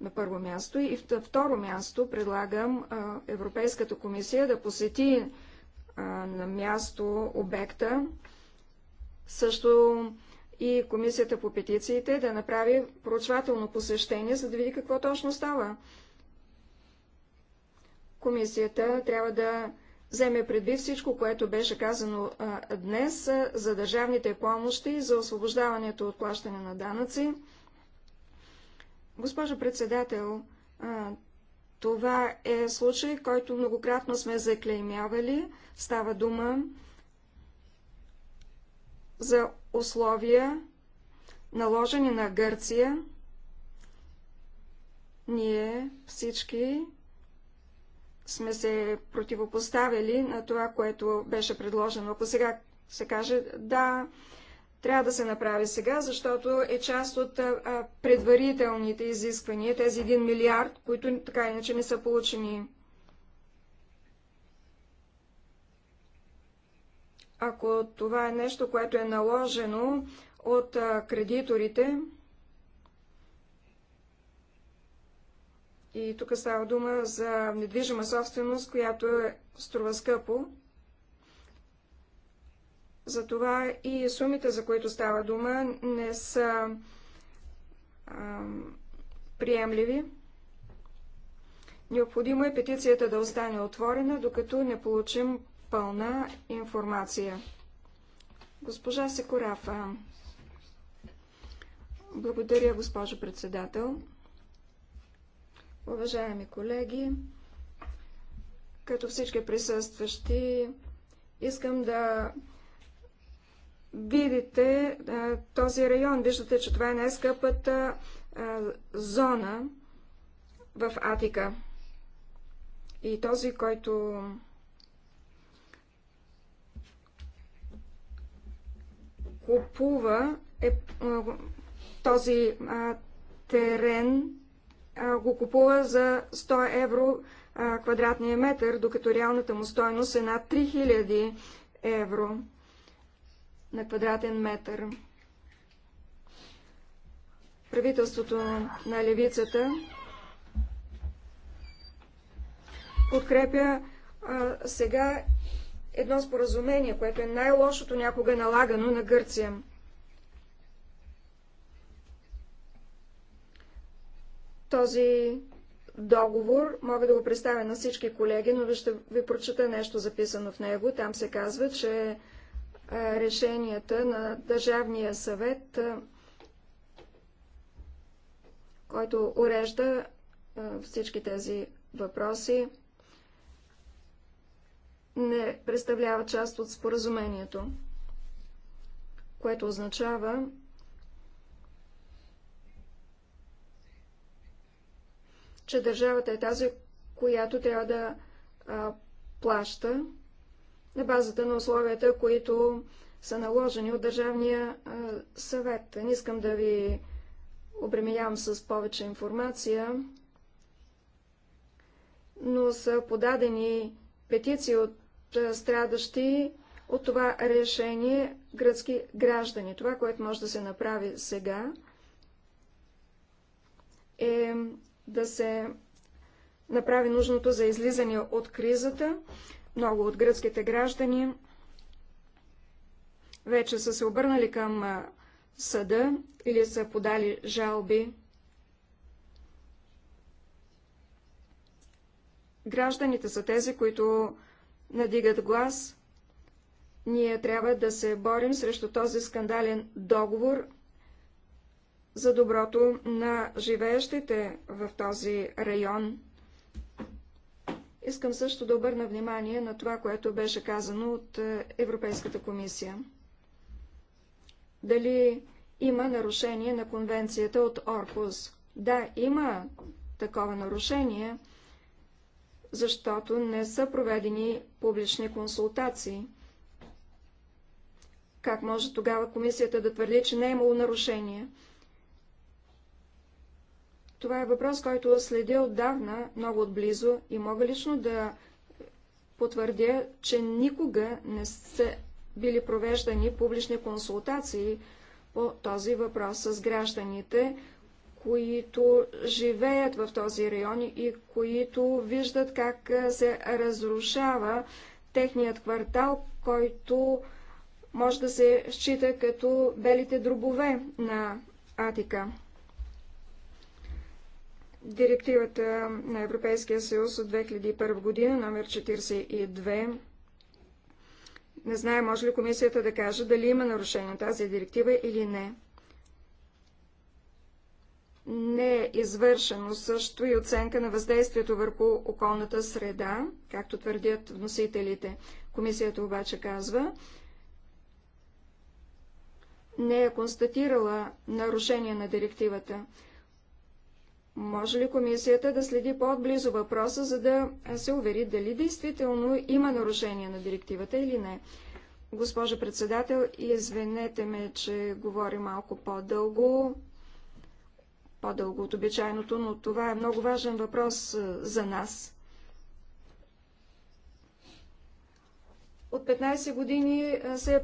на първо място и на второ място предлагам Европейската комисия да посети на място обекта. Също и Комисията по петициите да направи проучвателно посещение, за да види какво точно става. Комисията трябва да вземе предвид всичко, което беше казано а, днес а, за държавните помощи, за освобождаването от плащане на данъци. Госпожо председател, а, това е случай, който многократно сме заклеймявали. Става дума за условия, наложени на Гърция, ние всички сме се противопоставили на това, което беше предложено. Ако сега се каже да, трябва да се направи сега, защото е част от предварителните изисквания, тези 1 милиард, които така иначе не са получени. ако това е нещо, което е наложено от кредиторите. И тук става дума за недвижима собственост, която е струва скъпо. Затова и сумите, за които става дума, не са а, приемливи. Необходимо е петицията да остане отворена, докато не получим пълна информация. Госпожа Секорафа. Благодаря, госпожо председател. Уважаеми колеги, като всички присъстващи, искам да видите този район. Виждате, че това е най-скъпата зона в Атика. И този, който купува е, този а, терен, а, го купува за 100 евро а, квадратния метър, докато реалната му стойност е над 3000 евро на квадратен метър. Правителството на левицата подкрепя а, сега едно споразумение, което е най-лошото някога налагано на Гърция. Този договор мога да го представя на всички колеги, но ще ви прочета нещо записано в него. Там се казва, че е, решенията на Държавния съвет, е, който урежда е, всички тези въпроси, не представлява част от споразумението, което означава, че държавата е тази, която трябва да а, плаща на базата на условията, които са наложени от Държавния а, съвет. Не искам да ви обременявам с повече информация, но са подадени петиции от е, страдащи от това решение гръцки граждани. Това, което може да се направи сега, е да се направи нужното за излизане от кризата. Много от гръцките граждани вече са се обърнали към е, съда или са подали жалби. Гражданите са тези, които надигат глас. Ние трябва да се борим срещу този скандален договор за доброто на живеещите в този район. Искам също да обърна внимание на това, което беше казано от е, Европейската комисия. Дали има нарушение на конвенцията от Орхус? Да, има такова нарушение, защото не са проведени публични консултации. Как може тогава комисията да твърди, че не е имало нарушение? Това е въпрос, който следя отдавна, много отблизо и мога лично да потвърдя, че никога не са били провеждани публични консултации по този въпрос с гражданите, които живеят в този район и които виждат как се разрушава техният квартал, който може да се счита като белите дробове на Атика. Директивата на Европейския съюз от 2001 година, номер 42, не знае, може ли комисията да каже дали има нарушение на тази директива или не не е извършено също и оценка на въздействието върху околната среда, както твърдят вносителите. Комисията обаче казва, не е констатирала нарушение на директивата. Може ли комисията да следи по-отблизо въпроса, за да се увери дали действително има нарушение на директивата или не? Госпожо председател, извинете ме, че говори малко по-дълго по-дълго от обичайното, но това е много важен въпрос е, за нас. От 15 години е, се е,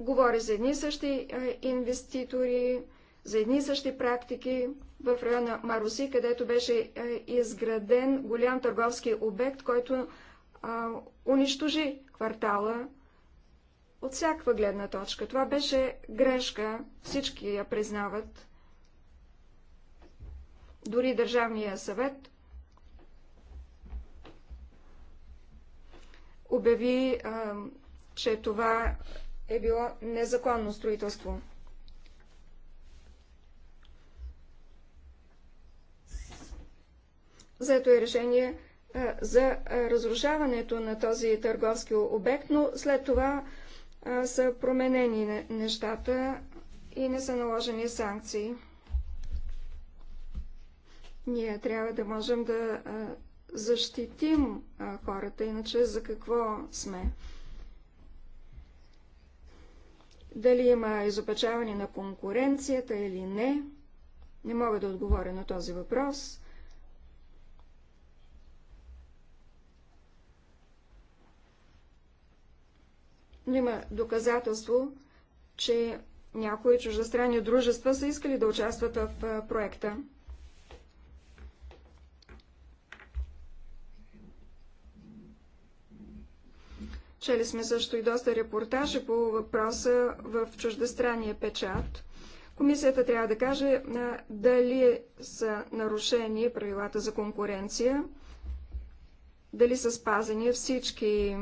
говори за едни и същи е, инвеститори, за едни и същи практики в района Маруси, където беше изграден голям търговски обект, който а, унищожи квартала от всякаква гледна точка. Това беше грешка, всички я признават, дори Държавния съвет обяви, а, че това е било незаконно строителство. Заето е решение а, за разрушаването на този търговски обект, но след това са променени нещата и не са наложени санкции. Ние трябва да можем да защитим хората, иначе за какво сме? Дали има изопачаване на конкуренцията или не? Не мога да отговоря на този въпрос. но има доказателство, че някои чуждестранни дружества са искали да участват в проекта. Чели сме също и доста репортажи по въпроса в чуждестранния печат. Комисията трябва да каже дали е, са нарушени правилата за конкуренция, дали са спазени всички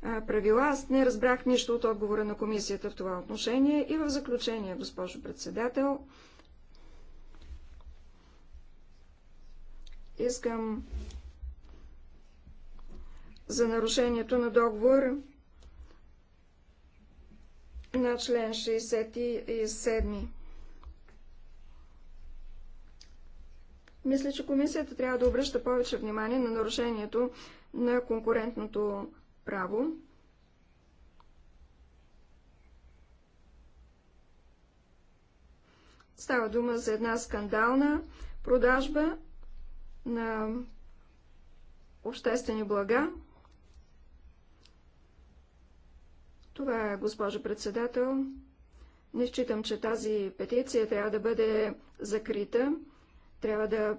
правила. Аз не разбрах нищо от отговора на комисията в това отношение. И в заключение, госпожо председател, искам за нарушението на договор на член 67. Мисля, че комисията трябва да обръща повече внимание на нарушението на конкурентното право. Става дума за една скандална продажба на обществени блага. Това е, госпожо председател. Не считам, че тази петиция трябва да бъде закрита. Трябва да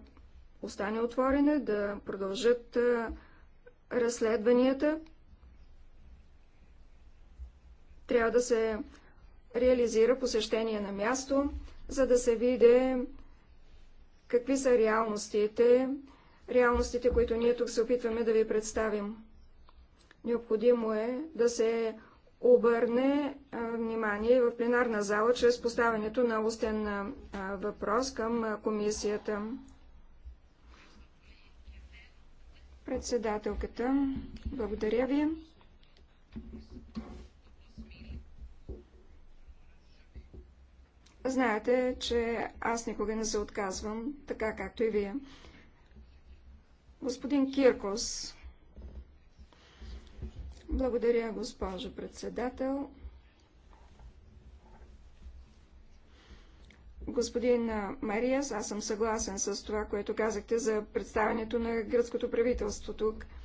остане отворена, да продължат разследванията трябва да се реализира посещение на място, за да се види какви са реалностите, реалностите, които ние тук се опитваме да ви представим. Необходимо е да се обърне внимание в пленарна зала чрез поставянето на устен въпрос към комисията. Председателката, благодаря ви. Знаете, че аз никога не се отказвам, така както и вие. Господин Киркос. Благодаря, госпожо председател. Господин Мариас, аз съм съгласен с това, което казахте за представянето на гръцкото правителство тук –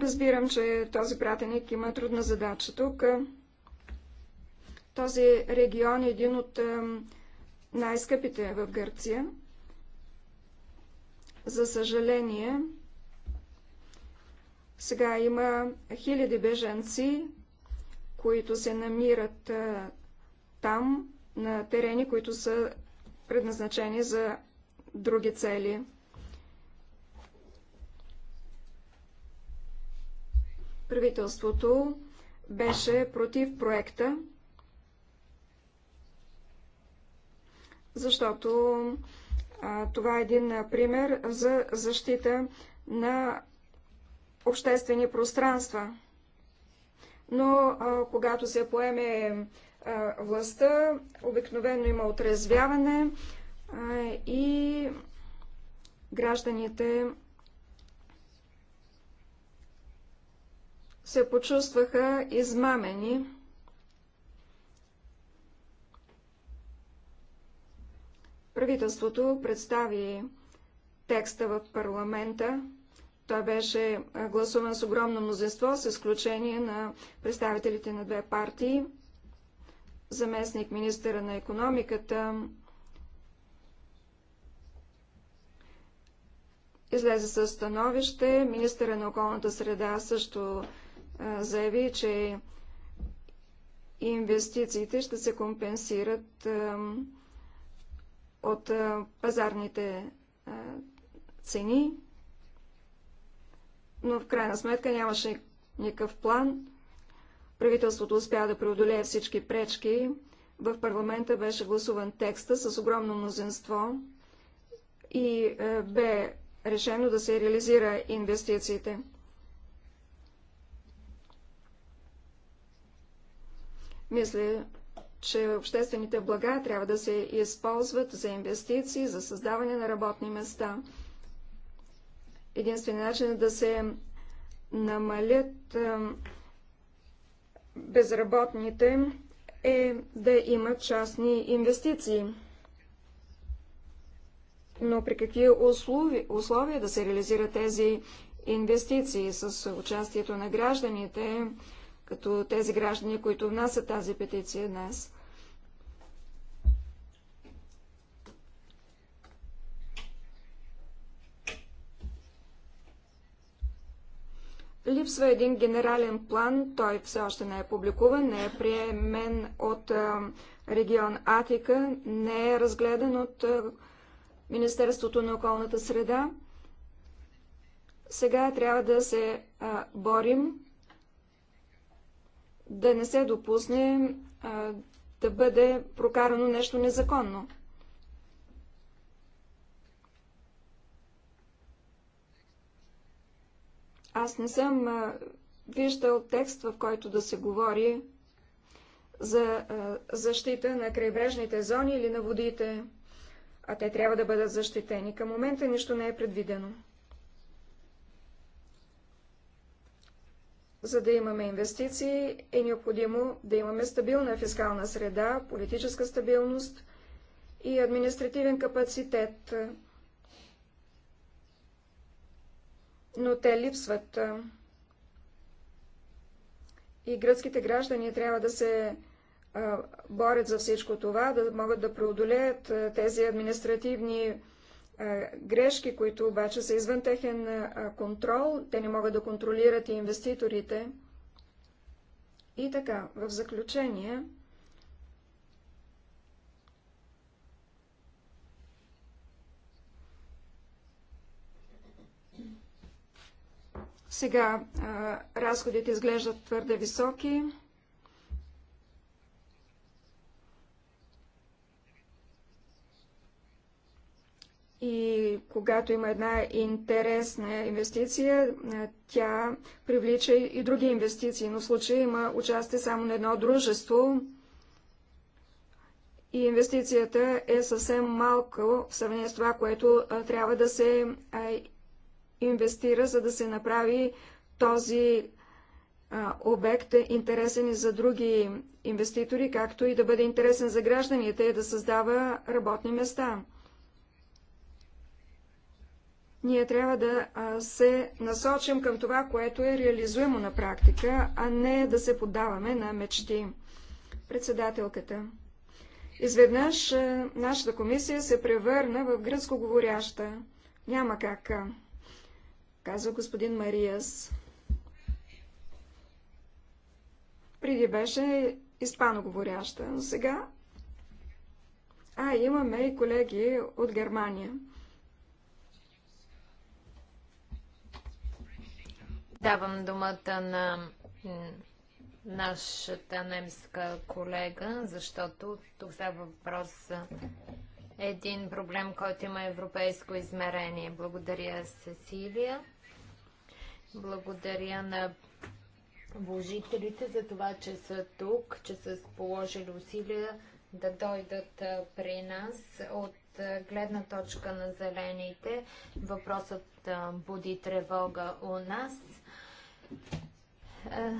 Разбирам, че този пратеник има трудна задача тук. Този регион е един от най-скъпите в Гърция. За съжаление, сега има хиляди беженци, които се намират там, на терени, които са предназначени за други цели. Правителството беше против проекта, защото а, това е един пример за защита на обществени пространства. Но а, когато се поеме а, властта, обикновено има отрезвяване а, и гражданите се почувстваха измамени. Правителството представи текста в парламента. Той беше гласуван с огромно мнозинство, с изключение на представителите на две партии. Заместник министъра на економиката излезе със становище. Министъра на околната среда също заяви, че инвестициите ще се компенсират от пазарните цени, но в крайна сметка нямаше никакъв план. Правителството успя да преодолее всички пречки. В парламента беше гласуван текста с огромно мнозинство и бе решено да се реализира инвестициите. Мисля, че обществените блага трябва да се използват за инвестиции, за създаване на работни места. Единственият начин е да се намалят безработните е да имат частни инвестиции. Но при какви условия, условия да се реализират тези инвестиции с участието на гражданите, като тези граждани, които внасят тази петиция днес. Липсва един генерален план, той все още не е публикуван, не е приемен от регион Атика, не е разгледан от Министерството на околната среда. Сега трябва да се борим да не се допусне а, да бъде прокарано нещо незаконно. Аз не съм а, виждал текст, в който да се говори за а, защита на крайбрежните зони или на водите, а те трябва да бъдат защитени. Към момента нищо не е предвидено. За да имаме инвестиции, е необходимо да имаме стабилна фискална среда, политическа стабилност и административен капацитет. Но те липсват. И гръцките граждани трябва да се борят за всичко това, да могат да преодолеят тези административни грешки, които обаче са извън техен контрол, те не могат да контролират и инвеститорите. И така, в заключение, сега разходите изглеждат твърде високи. И когато има една интересна инвестиция, е, тя привлича и други инвестиции, но в случая има участие само на едно дружество и инвестицията е съвсем малко в сравнение с това, което е, трябва да се е, инвестира, за да се направи този обект интересен и за други инвеститори, както и да бъде интересен за гражданите и да създава работни места. Ние трябва да се насочим към това, което е реализуемо на практика, а не да се поддаваме на мечти. Председателката. Изведнъж нашата комисия се превърна в гръцко говоряща. Няма как, казва господин Мариас. Преди беше испаноговоряща, но сега... А, имаме и колеги от Германия. Давам думата на нашата немска колега, защото тук става въпрос за един проблем, който има европейско измерение. Благодаря, Сесилия. Благодаря на вложителите за това, че са тук, че са положили усилия да дойдат при нас от гледна точка на зелените. Въпросът буди тревога у нас е,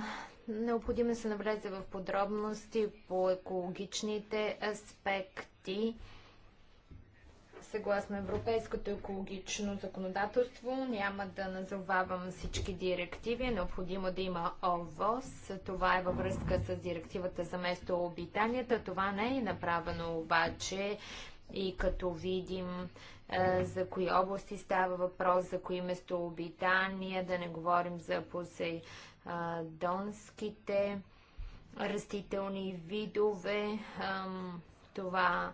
необходимо се навлезе в подробности по екологичните аспекти. Съгласно европейското екологично законодателство, няма да назовавам всички директиви, е необходимо да има ОВОС. Това е във връзка с директивата за местообитанията. Това не е направено обаче и като видим за кои области става въпрос, за кои местообитания, да не говорим за посейдонските растителни видове. Това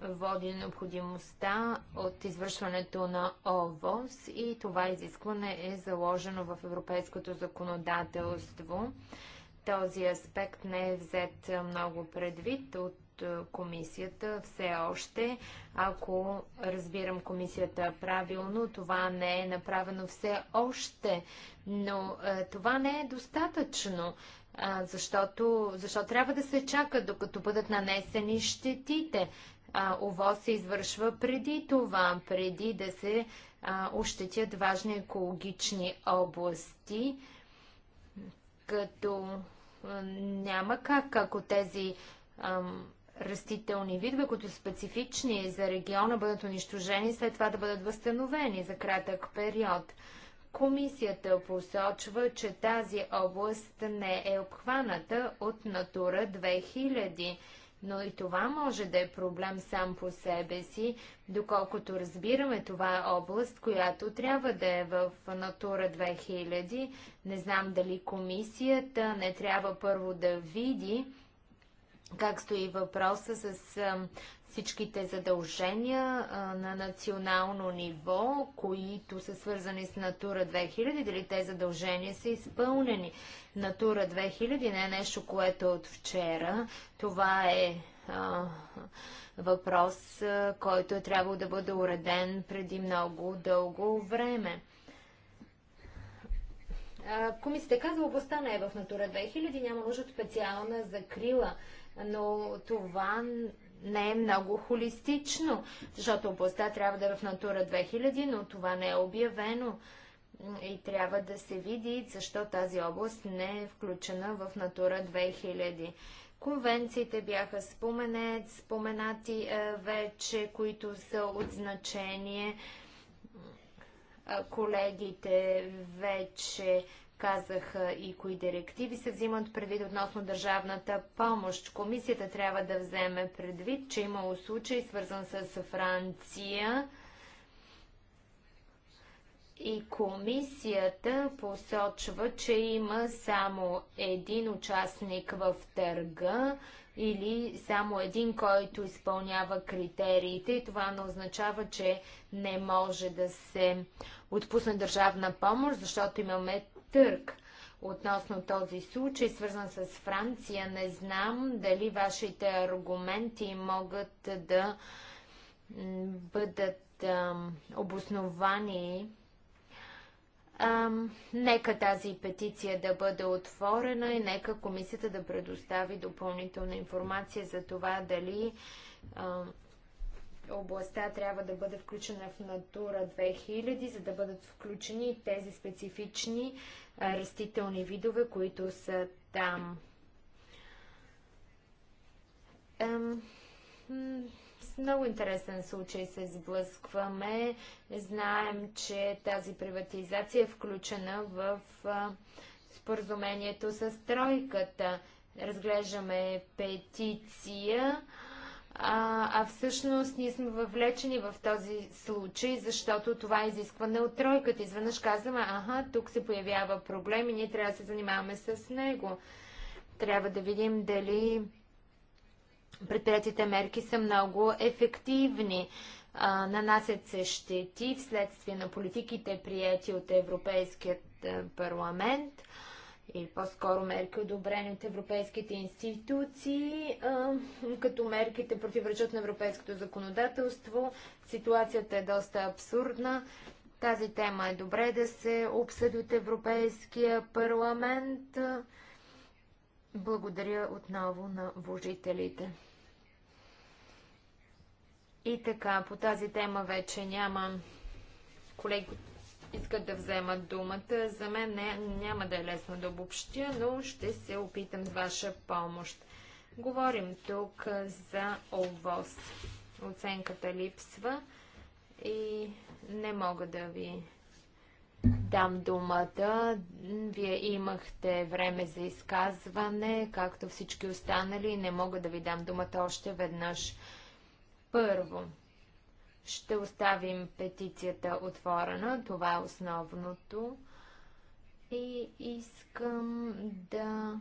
води необходимостта от извършването на ОВОС и това изискване е заложено в европейското законодателство. Този аспект не е взет много предвид от комисията все още. Ако разбирам комисията правилно, това не е направено все още, но е, това не е достатъчно, е, защото, защото трябва да се чака, докато бъдат нанесени щетите. А, ОВОС се извършва преди това, преди да се а, ощетят важни екологични области, като няма как, ако тези растителни видове, които специфични за региона, бъдат унищожени, след това да бъдат възстановени за кратък период. Комисията посочва, че тази област не е обхваната от Натура 2000, но и това може да е проблем сам по себе си, доколкото разбираме, това е област, която трябва да е в Натура 2000. Не знам дали комисията не трябва първо да види, как стои въпроса с а, всичките задължения а, на национално ниво, които са свързани с Натура 2000, дали те задължения са изпълнени. Натура 2000 не е нещо, което е от вчера. Това е а, въпрос, който е трябвало да бъде уреден преди много дълго време. Комисията казва, областта не е в Натура 2000, няма нужда от специална закрила но това не е много холистично, защото областта трябва да е в Натура 2000, но това не е обявено и трябва да се види защо тази област не е включена в Натура 2000. Конвенциите бяха споменет, споменати е, вече, които са от значение. Е, колегите вече казах и кои директиви се взимат предвид относно държавната помощ. Комисията трябва да вземе предвид, че имало случай свързан с Франция и комисията посочва, че има само един участник в търга или само един, който изпълнява критериите и това не означава, че не може да се отпусне държавна помощ, защото имаме търк относно този случай, свързан с Франция. Не знам дали вашите аргументи могат да бъдат ам, обосновани. Ам, нека тази петиция да бъде отворена и нека комисията да предостави допълнителна информация за това дали ам, областта трябва да бъде включена в Натура 2000, за да бъдат включени тези специфични растителни видове, които са там. с много интересен случай се сблъскваме. Знаем, че тази приватизация е включена в споразумението с тройката. Разглеждаме петиция. А, а всъщност ние сме въвлечени в този случай, защото това е изискване от тройката. Изведнъж казваме, аха, тук се появява проблем и ние трябва да се занимаваме с него. Трябва да видим дали предприятите мерки са много ефективни. А, нанасят се щети вследствие на политиките, прияти от Европейският парламент. А, или по-скоро мерки, одобрени от европейските институции, като мерките противоречат на европейското законодателство. Ситуацията е доста абсурдна. Тази тема е добре да се обсъди от Европейския парламент. Благодаря отново на вложителите. И така, по тази тема вече няма колеги, искат да вземат думата. За мен не, няма да е лесно да обобщя, но ще се опитам с ваша помощ. Говорим тук за ОВОС. Оценката липсва и не мога да ви дам думата. Вие имахте време за изказване, както всички останали. Не мога да ви дам думата още веднъж. Първо, ще оставим петицията отворена. Това е основното. И искам да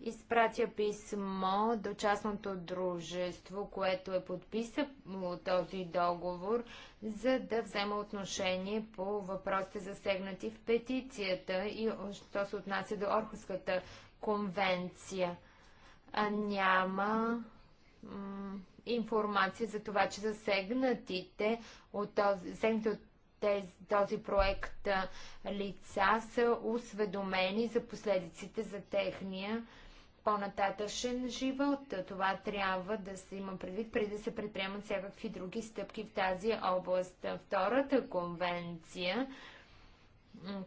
изпратя писмо до частното дружество, което е подписало този договор, за да взема отношение по въпросите засегнати в петицията и що се отнася до Орхуската конвенция. А няма информация за това, че засегнатите от този, засегнатите от тези, този проект лица са осведомени за последиците за техния по-нататъшен живот. Това трябва да се има предвид, преди да се предприемат всякакви други стъпки в тази област. Втората конвенция,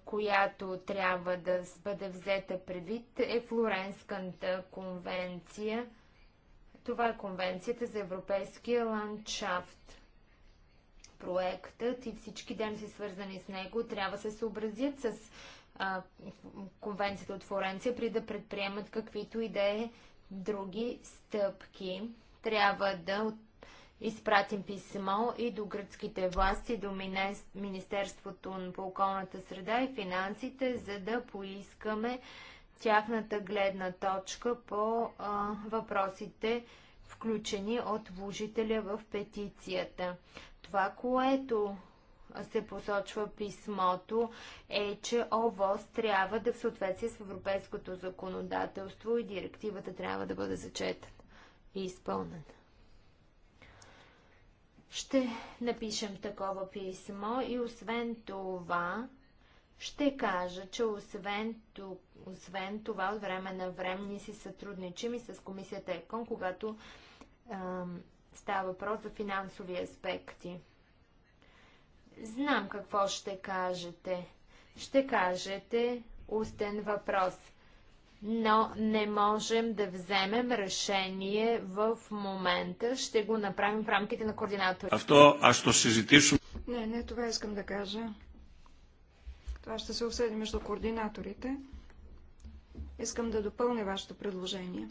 която трябва да бъде взета предвид, е Флоренската конвенция – това е Конвенцията за европейския ландшафт. Проектът и всички дейности, свързани с него, трябва да се съобразят с а, Конвенцията от Флоренция, при да предприемат каквито и да е други стъпки. Трябва да изпратим писмо и до гръцките власти, до Министерството по околната среда и финансите, за да поискаме тяхната гледна точка по а, въпросите, включени от вложителя в петицията. Това, което се посочва писмото е, че ОВОС трябва да е в съответствие с европейското законодателство и директивата трябва да бъде зачетена и изпълнена. Ще напишем такова писмо и освен това ще кажа, че освен, освен това, от време на време ние си сътрудничим и с комисията ЕКОН, когато ам, става въпрос за финансови аспекти. Знам какво ще кажете. Ще кажете устен въпрос. Но не можем да вземем решение в момента. Ще го направим в рамките на А, а що ще житиш? Не, не, това искам да кажа. Това ще се обсъди между координаторите. Искам да допълня вашето предложение.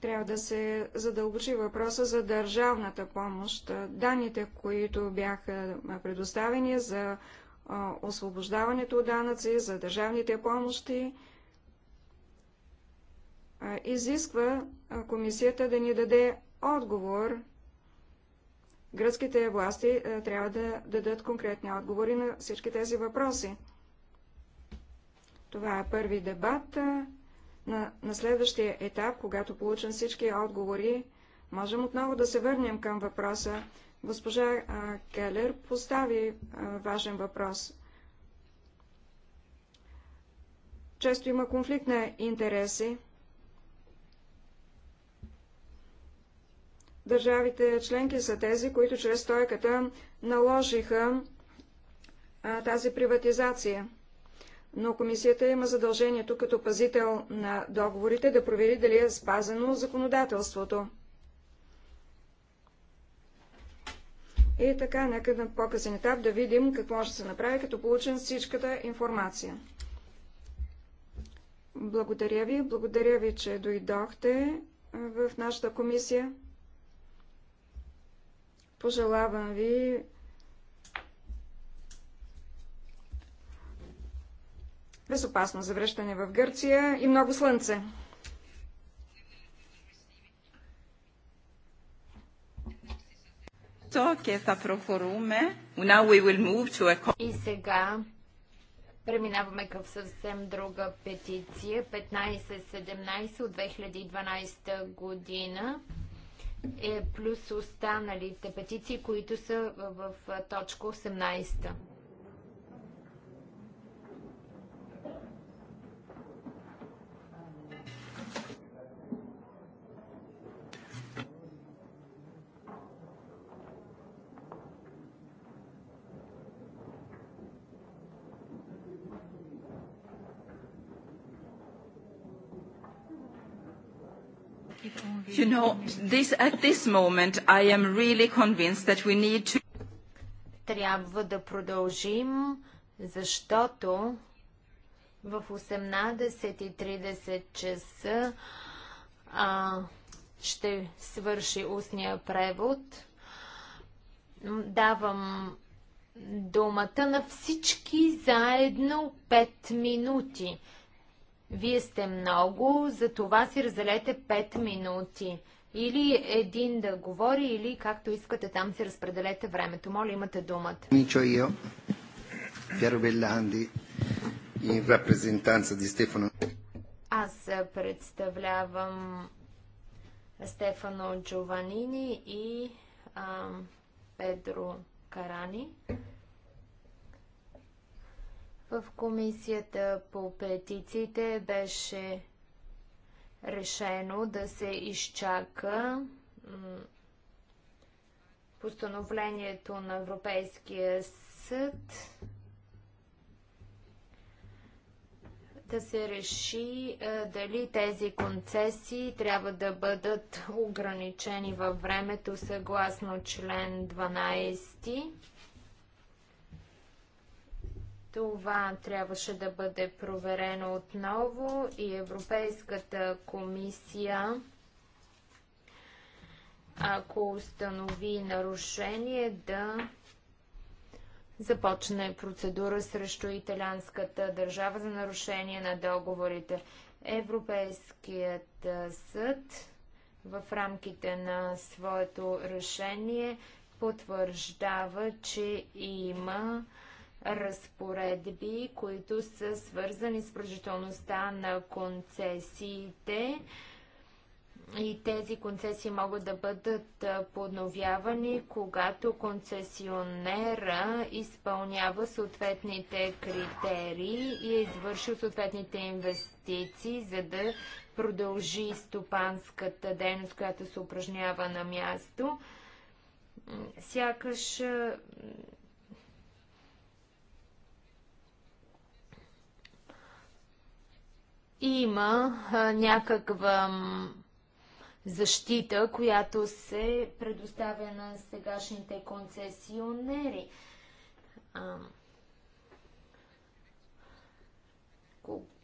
Трябва да се задълбочи въпроса за държавната помощ. Данните, които бяха предоставени за освобождаването от данъци, за държавните помощи, изисква комисията да ни даде отговор Гръцките власти е, трябва да дадат конкретни отговори на всички тези въпроси. Това е първи дебат. Е, на, на следващия етап, когато получим всички отговори, можем отново да се върнем към въпроса. Госпожа а, е, Келер постави а, важен въпрос. Често има конфликт на интереси. Държавите членки са тези, които чрез стойката наложиха а, тази приватизация. Но комисията има задължението като пазител на договорите да провери дали е спазено законодателството. И така, нека на по-късен етап да видим какво може да се направи, като получим всичката информация. Благодаря ви, благодаря ви, че дойдохте в нашата комисия. Пожелавам ви безопасно завръщане в Гърция и много слънце. Е и сега преминаваме към съвсем друга петиция 15-17 от 2012 година е плюс останалите петиции, които са в точка 18. You know, this, at this moment, I am really convinced that we need to... Трябва да продължим, защото в 18.30 часа а, ще свърши устния превод. Давам думата на всички заедно 5 минути. Вие сте много, за това си разделете 5 минути. Или един да говори, или както искате там си разпределете времето. Моля, имате думата. Ничо io, Пьеро Белланди, и репрезентанца ди Стефано. Аз представлявам Стефано Джованини и Педро Карани. В комисията по петициите беше решено да се изчака постановлението на Европейския съд да се реши е, дали тези концесии трябва да бъдат ограничени във времето съгласно член 12. Това трябваше да бъде проверено отново и Европейската комисия, ако установи нарушение, да започне процедура срещу италианската държава за нарушение на договорите. Европейският съд в рамките на своето решение потвърждава, че има разпоредби, които са свързани с продължителността на концесиите и тези концесии могат да бъдат подновявани, когато концесионера изпълнява съответните критерии и е извършил съответните инвестиции, за да продължи стопанската дейност, която се упражнява на място. Сякаш има а, някаква защита, която се предоставя на сегашните концесионери. А,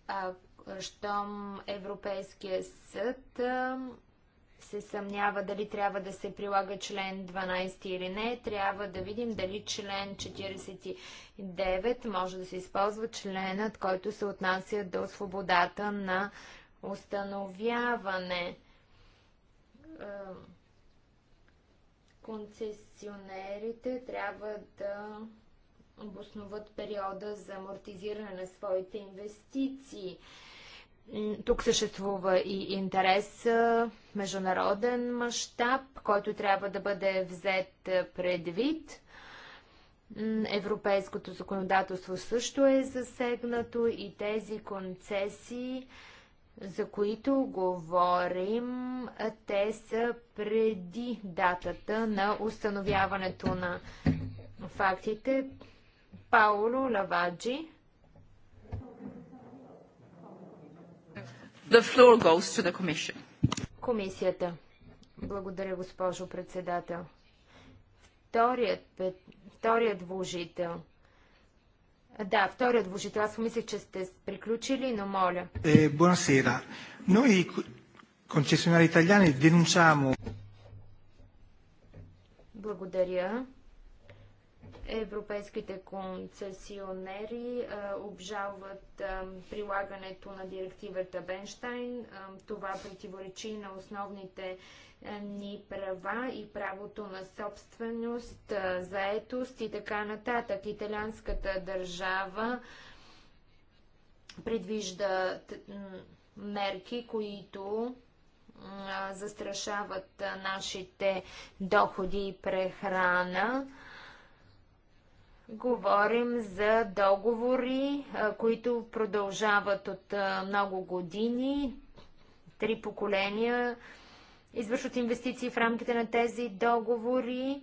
а щом Европейския съд а, се съмнява дали трябва да се прилага член 12 или не. Трябва да видим дали член 49 може да се използва членът, който се отнася до свободата на установяване. Концесионерите трябва да обосноват периода за амортизиране на своите инвестиции тук съществува и интерес международен мащаб, който трябва да бъде взет предвид. Европейското законодателство също е засегнато и тези концесии, за които говорим, те са преди датата на установяването на фактите. Пауло Лаваджи. The floor goes to the commission. Комисията. Благодаря, госпожо председател. Вторият, вторият вложител. Да, вторият вложител. Аз мислих, че сте приключили, но моля. Е, buonasera. Noi concessionari italiani denunciamo. Благодаря. Европейските концесионери а, обжалват а, прилагането на директивата Бенштайн. А, това противоречи на основните ни права и правото на собственост, заетост и така нататък. Италианската държава предвижда мерки, които застрашават нашите доходи и прехрана. Говорим за договори, които продължават от много години, три поколения извършват инвестиции в рамките на тези договори.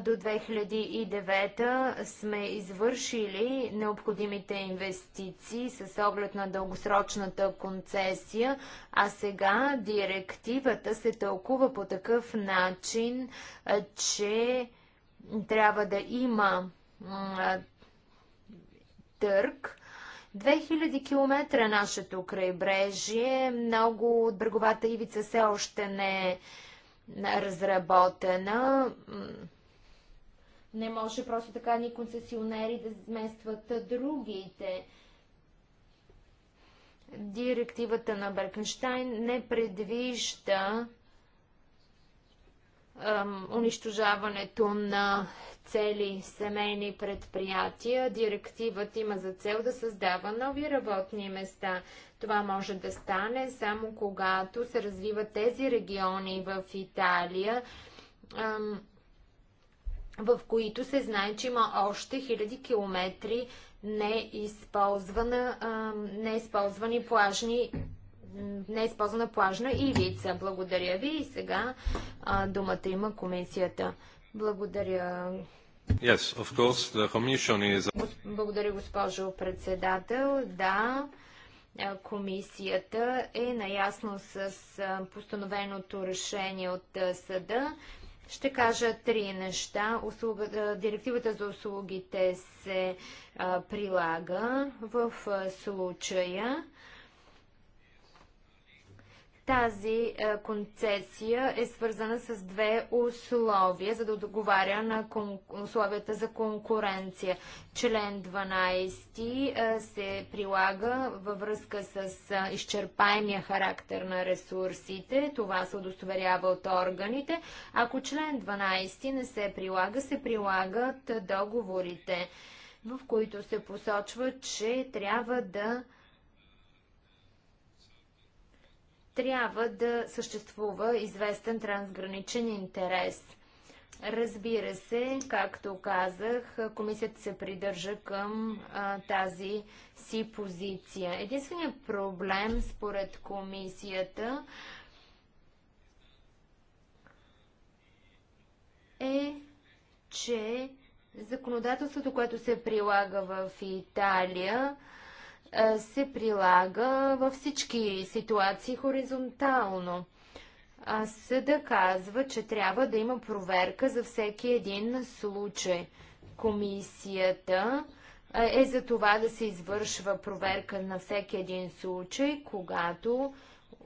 До 2009 сме извършили необходимите инвестиции с оглед на дългосрочната концесия, а сега директивата се тълкува по такъв начин, че трябва да има търг. 2000 км е нашето крайбрежие. Много от бреговата ивица все още не е разработена. Не може просто така ни концесионери да изместват другите. Директивата на Беркенштайн не предвижда унищожаването на цели семейни предприятия. Директивът има за цел да създава нови работни места. Това може да стане само когато се развиват тези региони в Италия, в които се знае, че има още хиляди километри неизползвани плажни неизползвана плажна ивица. Благодаря ви и сега а, думата има комисията. Благодаря, Yes, of course, the commission is... Благодаря, госпожо председател. Да, комисията е наясно с постановеното решение от съда. Ще кажа три неща. Услуга, директивата за услугите се прилага в случая. Тази е, концесия е свързана с две условия, за да договаря на условията за конкуренция. Член 12 е, се прилага във връзка с е, изчерпаемия характер на ресурсите. Това се удостоверява от органите. Ако член 12 не се прилага, се прилагат договорите, в които се посочва, че трябва да трябва да съществува известен трансграничен интерес. Разбира се, както казах, комисията се придържа към а, тази си позиция. Единственият проблем според комисията е, че законодателството, което се прилага в Италия, е, се прилага във всички ситуации хоризонтално. Съда казва, че трябва да има проверка за всеки един случай. Комисията е, е за това да се извършва проверка на всеки един случай, когато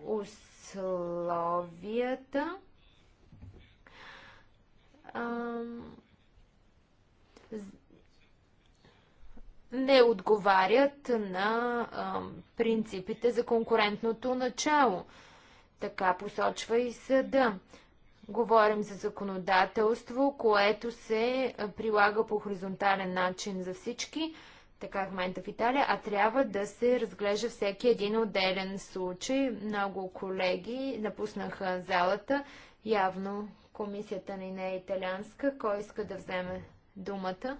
условията а, не отговарят на а, принципите за конкурентното начало. Така посочва и съда. Говорим за законодателство, което се прилага по хоризонтален начин за всички, така в момента в Италия, а трябва да се разглежда всеки един отделен случай. Много колеги напуснаха залата. Явно комисията ни не е италианска. Кой иска да вземе думата?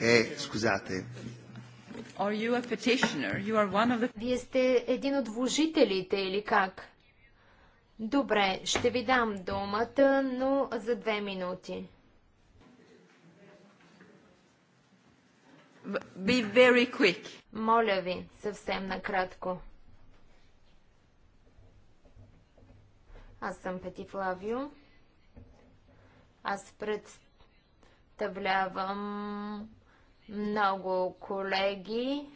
Е, скузате. Of... Вие сте един от вложителите или как? Добре, ще ви дам думата, но за две минути. Be very quick. Моля ви, съвсем накратко. Аз съм Пети Флавио. Аз пред, представлявам много колеги.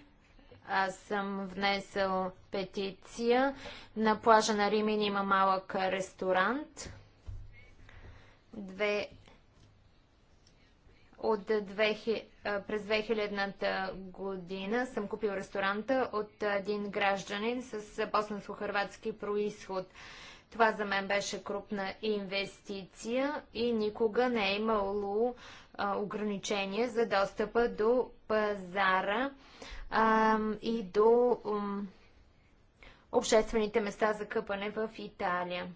Аз съм внесъл петиция. На плажа на Римин има малък ресторант. Две... От 2000... През 2000-та година съм купил ресторанта от един гражданин с босно хрватски происход. Това за мен беше крупна инвестиция и никога не е имало ограничения за достъпа до пазара а, и до м, обществените места за къпане в Италия.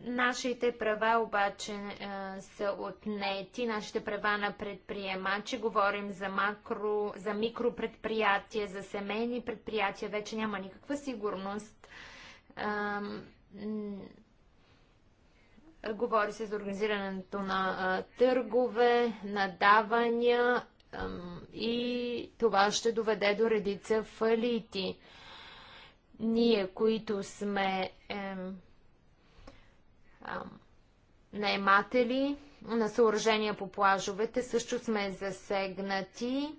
Нашите права обаче а, са отнети, нашите права на предприемачи, говорим за, макро, за микропредприятия, за семейни предприятия, вече няма никаква сигурност. А, е, говори се за организирането на а, търгове, надавания а, и това ще доведе до редица фалити. Ние, които сме е, а, наематели на съоръжения по плажовете, също сме засегнати.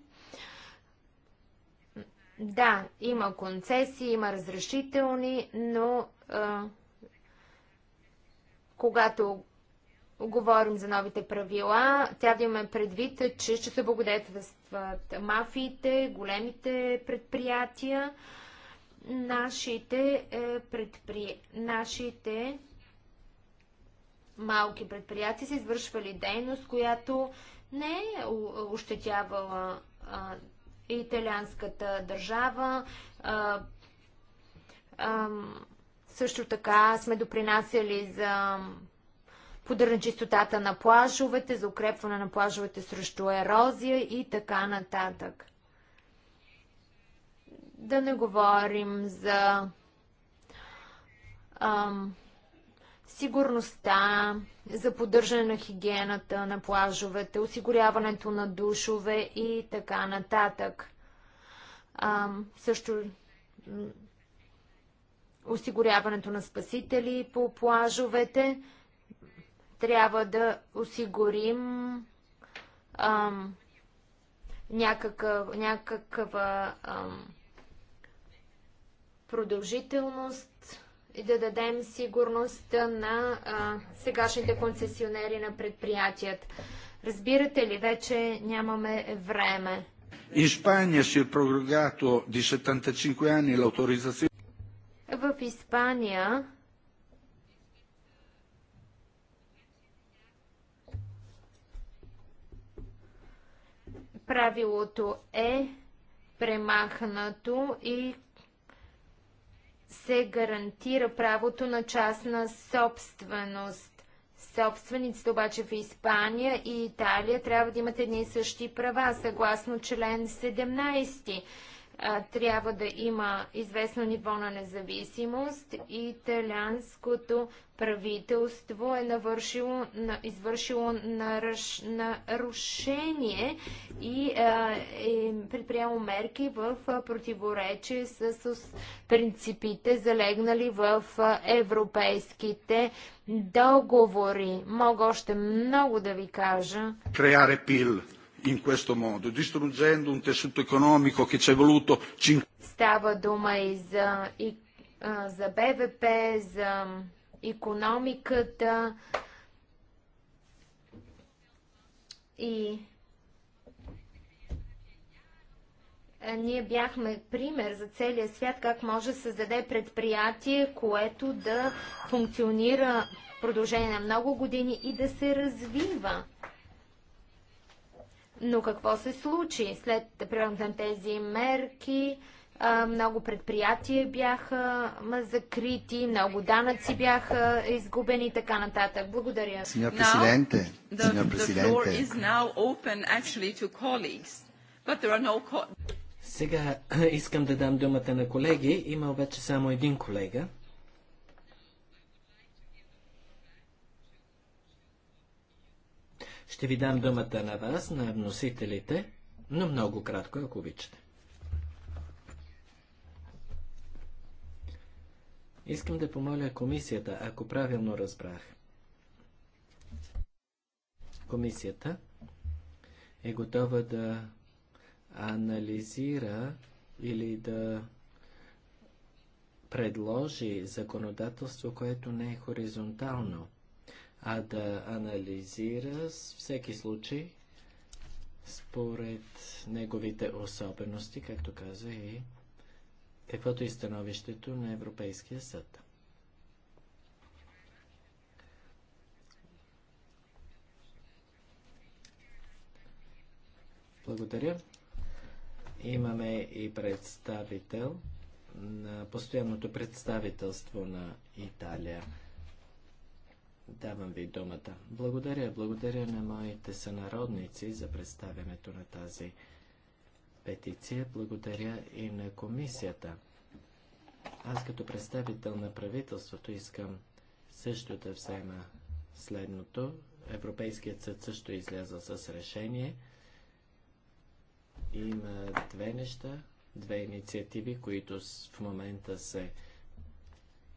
Да, има концесии, има разрешителни, но а, когато говорим за новите правила, тя да имаме предвид, че ще се благодетелстват мафиите, големите предприятия, нашите, е, предпри... нашите малки предприятия са извършвали дейност, която не е ощетявала италианската държава. А, а, също така сме допринасяли за поддържане чистотата на плажовете, за укрепване на плажовете срещу ерозия и така нататък. Да не говорим за ам, сигурността, за поддържане на хигиената на плажовете, осигуряването на душове и така нататък. Ам, също осигуряването на спасители по плажовете. Трябва да осигурим ам, някакъв, някаква ам, продължителност и да дадем сигурност на а, сегашните концесионери на предприятията. Разбирате ли, вече нямаме време. In Spagna si è prorogato di 75 anni l'autorizzazione. В Испания правилото е премахнато и се гарантира правото на частна собственост. Собствениците обаче в Испания и Италия трябва да имат едни и същи права, съгласно член 17 трябва да има известно ниво на независимост. Италианското правителство е навършило, на, извършило наръш, нарушение и а, е предприело мерки в противоречие с, с принципите, залегнали в европейските договори. Мога още много да ви кажа. Креаре пил in questo modo, distruggendo un tessuto economico che ci è voluto... Stava дума и за, и, за БВП, за економиката и ние бяхме пример за целия свят как може да създаде предприятие, което да функционира в продължение на много години и да се развива. Но какво се случи след приемането на тези мерки? Много предприятия бяха закрити, много данъци бяха изгубени и така нататък. Благодаря. Сеньор президенте, сеньор президенте. Сега искам да дам думата на колеги. Има обаче само един колега. Ще ви дам думата на вас, на вносителите, но много кратко, ако обичате. Искам да помоля комисията, ако правилно разбрах. Комисията е готова да анализира или да предложи законодателство, което не е хоризонтално а да анализира всеки случай според неговите особености, както каза и каквото и становището на Европейския съд. Благодаря. Имаме и представител на постоянното представителство на Италия. Давам ви думата. Благодаря, благодаря на моите сънародници за представянето на тази петиция. Благодаря и на комисията. Аз като представител на правителството искам също да взема следното. Европейският съд също е излязъл с решение. Има две неща, две инициативи, които в момента се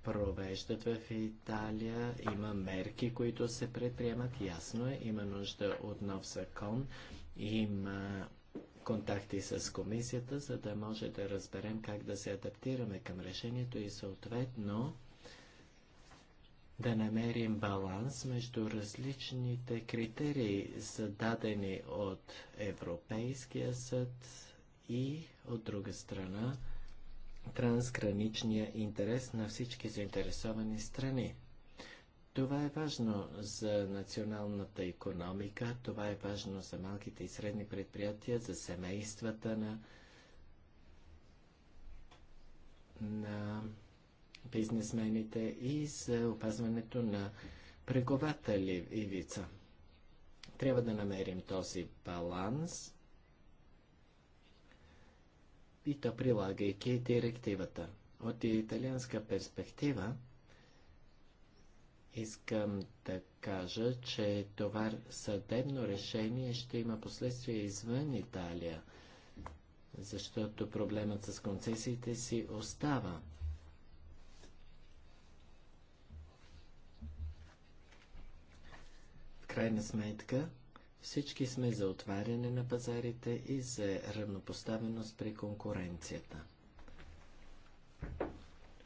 провеждат в Италия. Има мерки, които се предприемат. Ясно е, има нужда от нов закон. Има контакти с комисията, за да може да разберем как да се адаптираме към решението и съответно да намерим баланс между различните критерии, зададени от Европейския съд и от друга страна трансграничния интерес на всички заинтересовани страни. Това е важно за националната економика, това е важно за малките и средни предприятия, за семействата на, на бизнесмените и за опазването на прегователи и вица. Трябва да намерим този баланс и то прилагайки директивата. От италианска перспектива искам да кажа, че това съдебно решение ще има последствия извън Италия, защото проблемът с концесиите си остава. В крайна сметка, всички сме за отваряне на пазарите и за равнопоставеност при конкуренцията.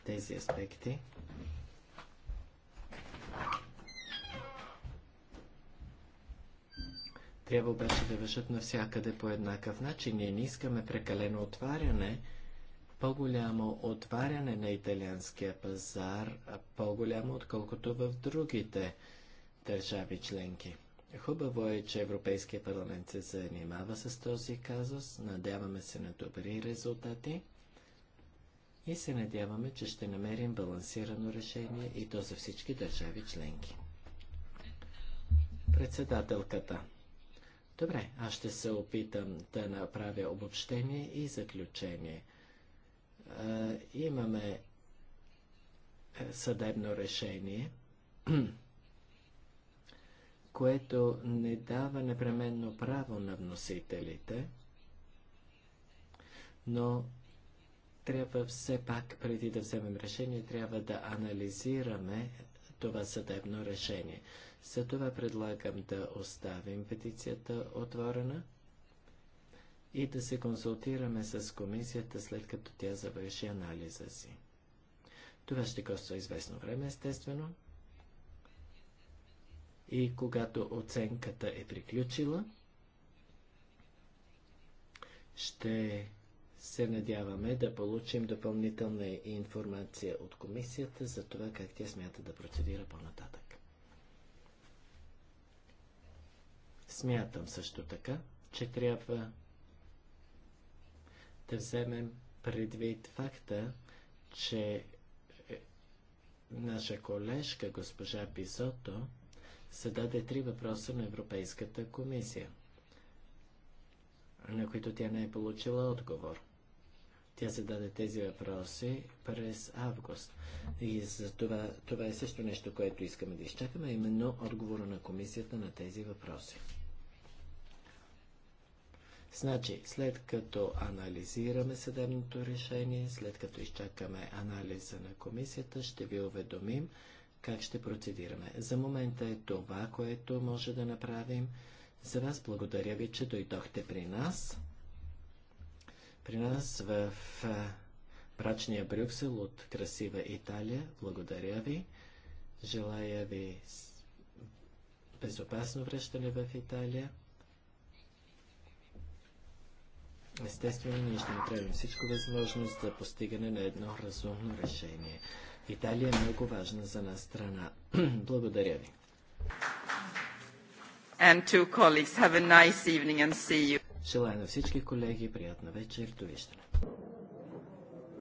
Тези аспекти трябва обаче да вършат навсякъде по еднакъв начин. Ние не искаме прекалено отваряне, по-голямо отваряне на италианския пазар, по-голямо отколкото в другите държави членки. Хубаво е, че Европейския парламент се занимава с този казус. Надяваме се на добри резултати и се надяваме, че ще намерим балансирано решение и то за всички държави членки. Председателката. Добре, аз ще се опитам да направя обобщение и заключение. имаме е, съдебно решение. което не дава непременно право на вносителите, но трябва все пак, преди да вземем решение, трябва да анализираме това съдебно решение. За това предлагам да оставим петицията отворена и да се консултираме с комисията, след като тя завърши анализа си. Това ще коства известно време, естествено, и когато оценката е приключила, ще се надяваме да получим допълнителна информация от комисията за това как тя смята да процедира по-нататък. Смятам също така, че трябва да вземем предвид факта, че е, наша колежка госпожа Бизото зададе три въпроса на Европейската комисия, на които тя не е получила отговор. Тя зададе тези въпроси през август. И за това, това е също нещо, което искаме да изчакаме, именно отговора на комисията на тези въпроси. Значи, след като анализираме съдебното решение, след като изчакаме анализа на комисията, ще ви уведомим как ще процедираме. За момента е това, което може да направим. За вас благодаря ви, че дойдохте при нас. При нас в брачния Брюксел от красива Италия. Благодаря ви. Желая ви безопасно връщане в Италия. Естествено, ние ще направим всичко възможност за постигане на едно разумно решение. Италия е много важна за нас страна. Благодаря ви. And two colleagues have a nice evening and see you. Желая на всички колеги приятна вечер. Довиждане.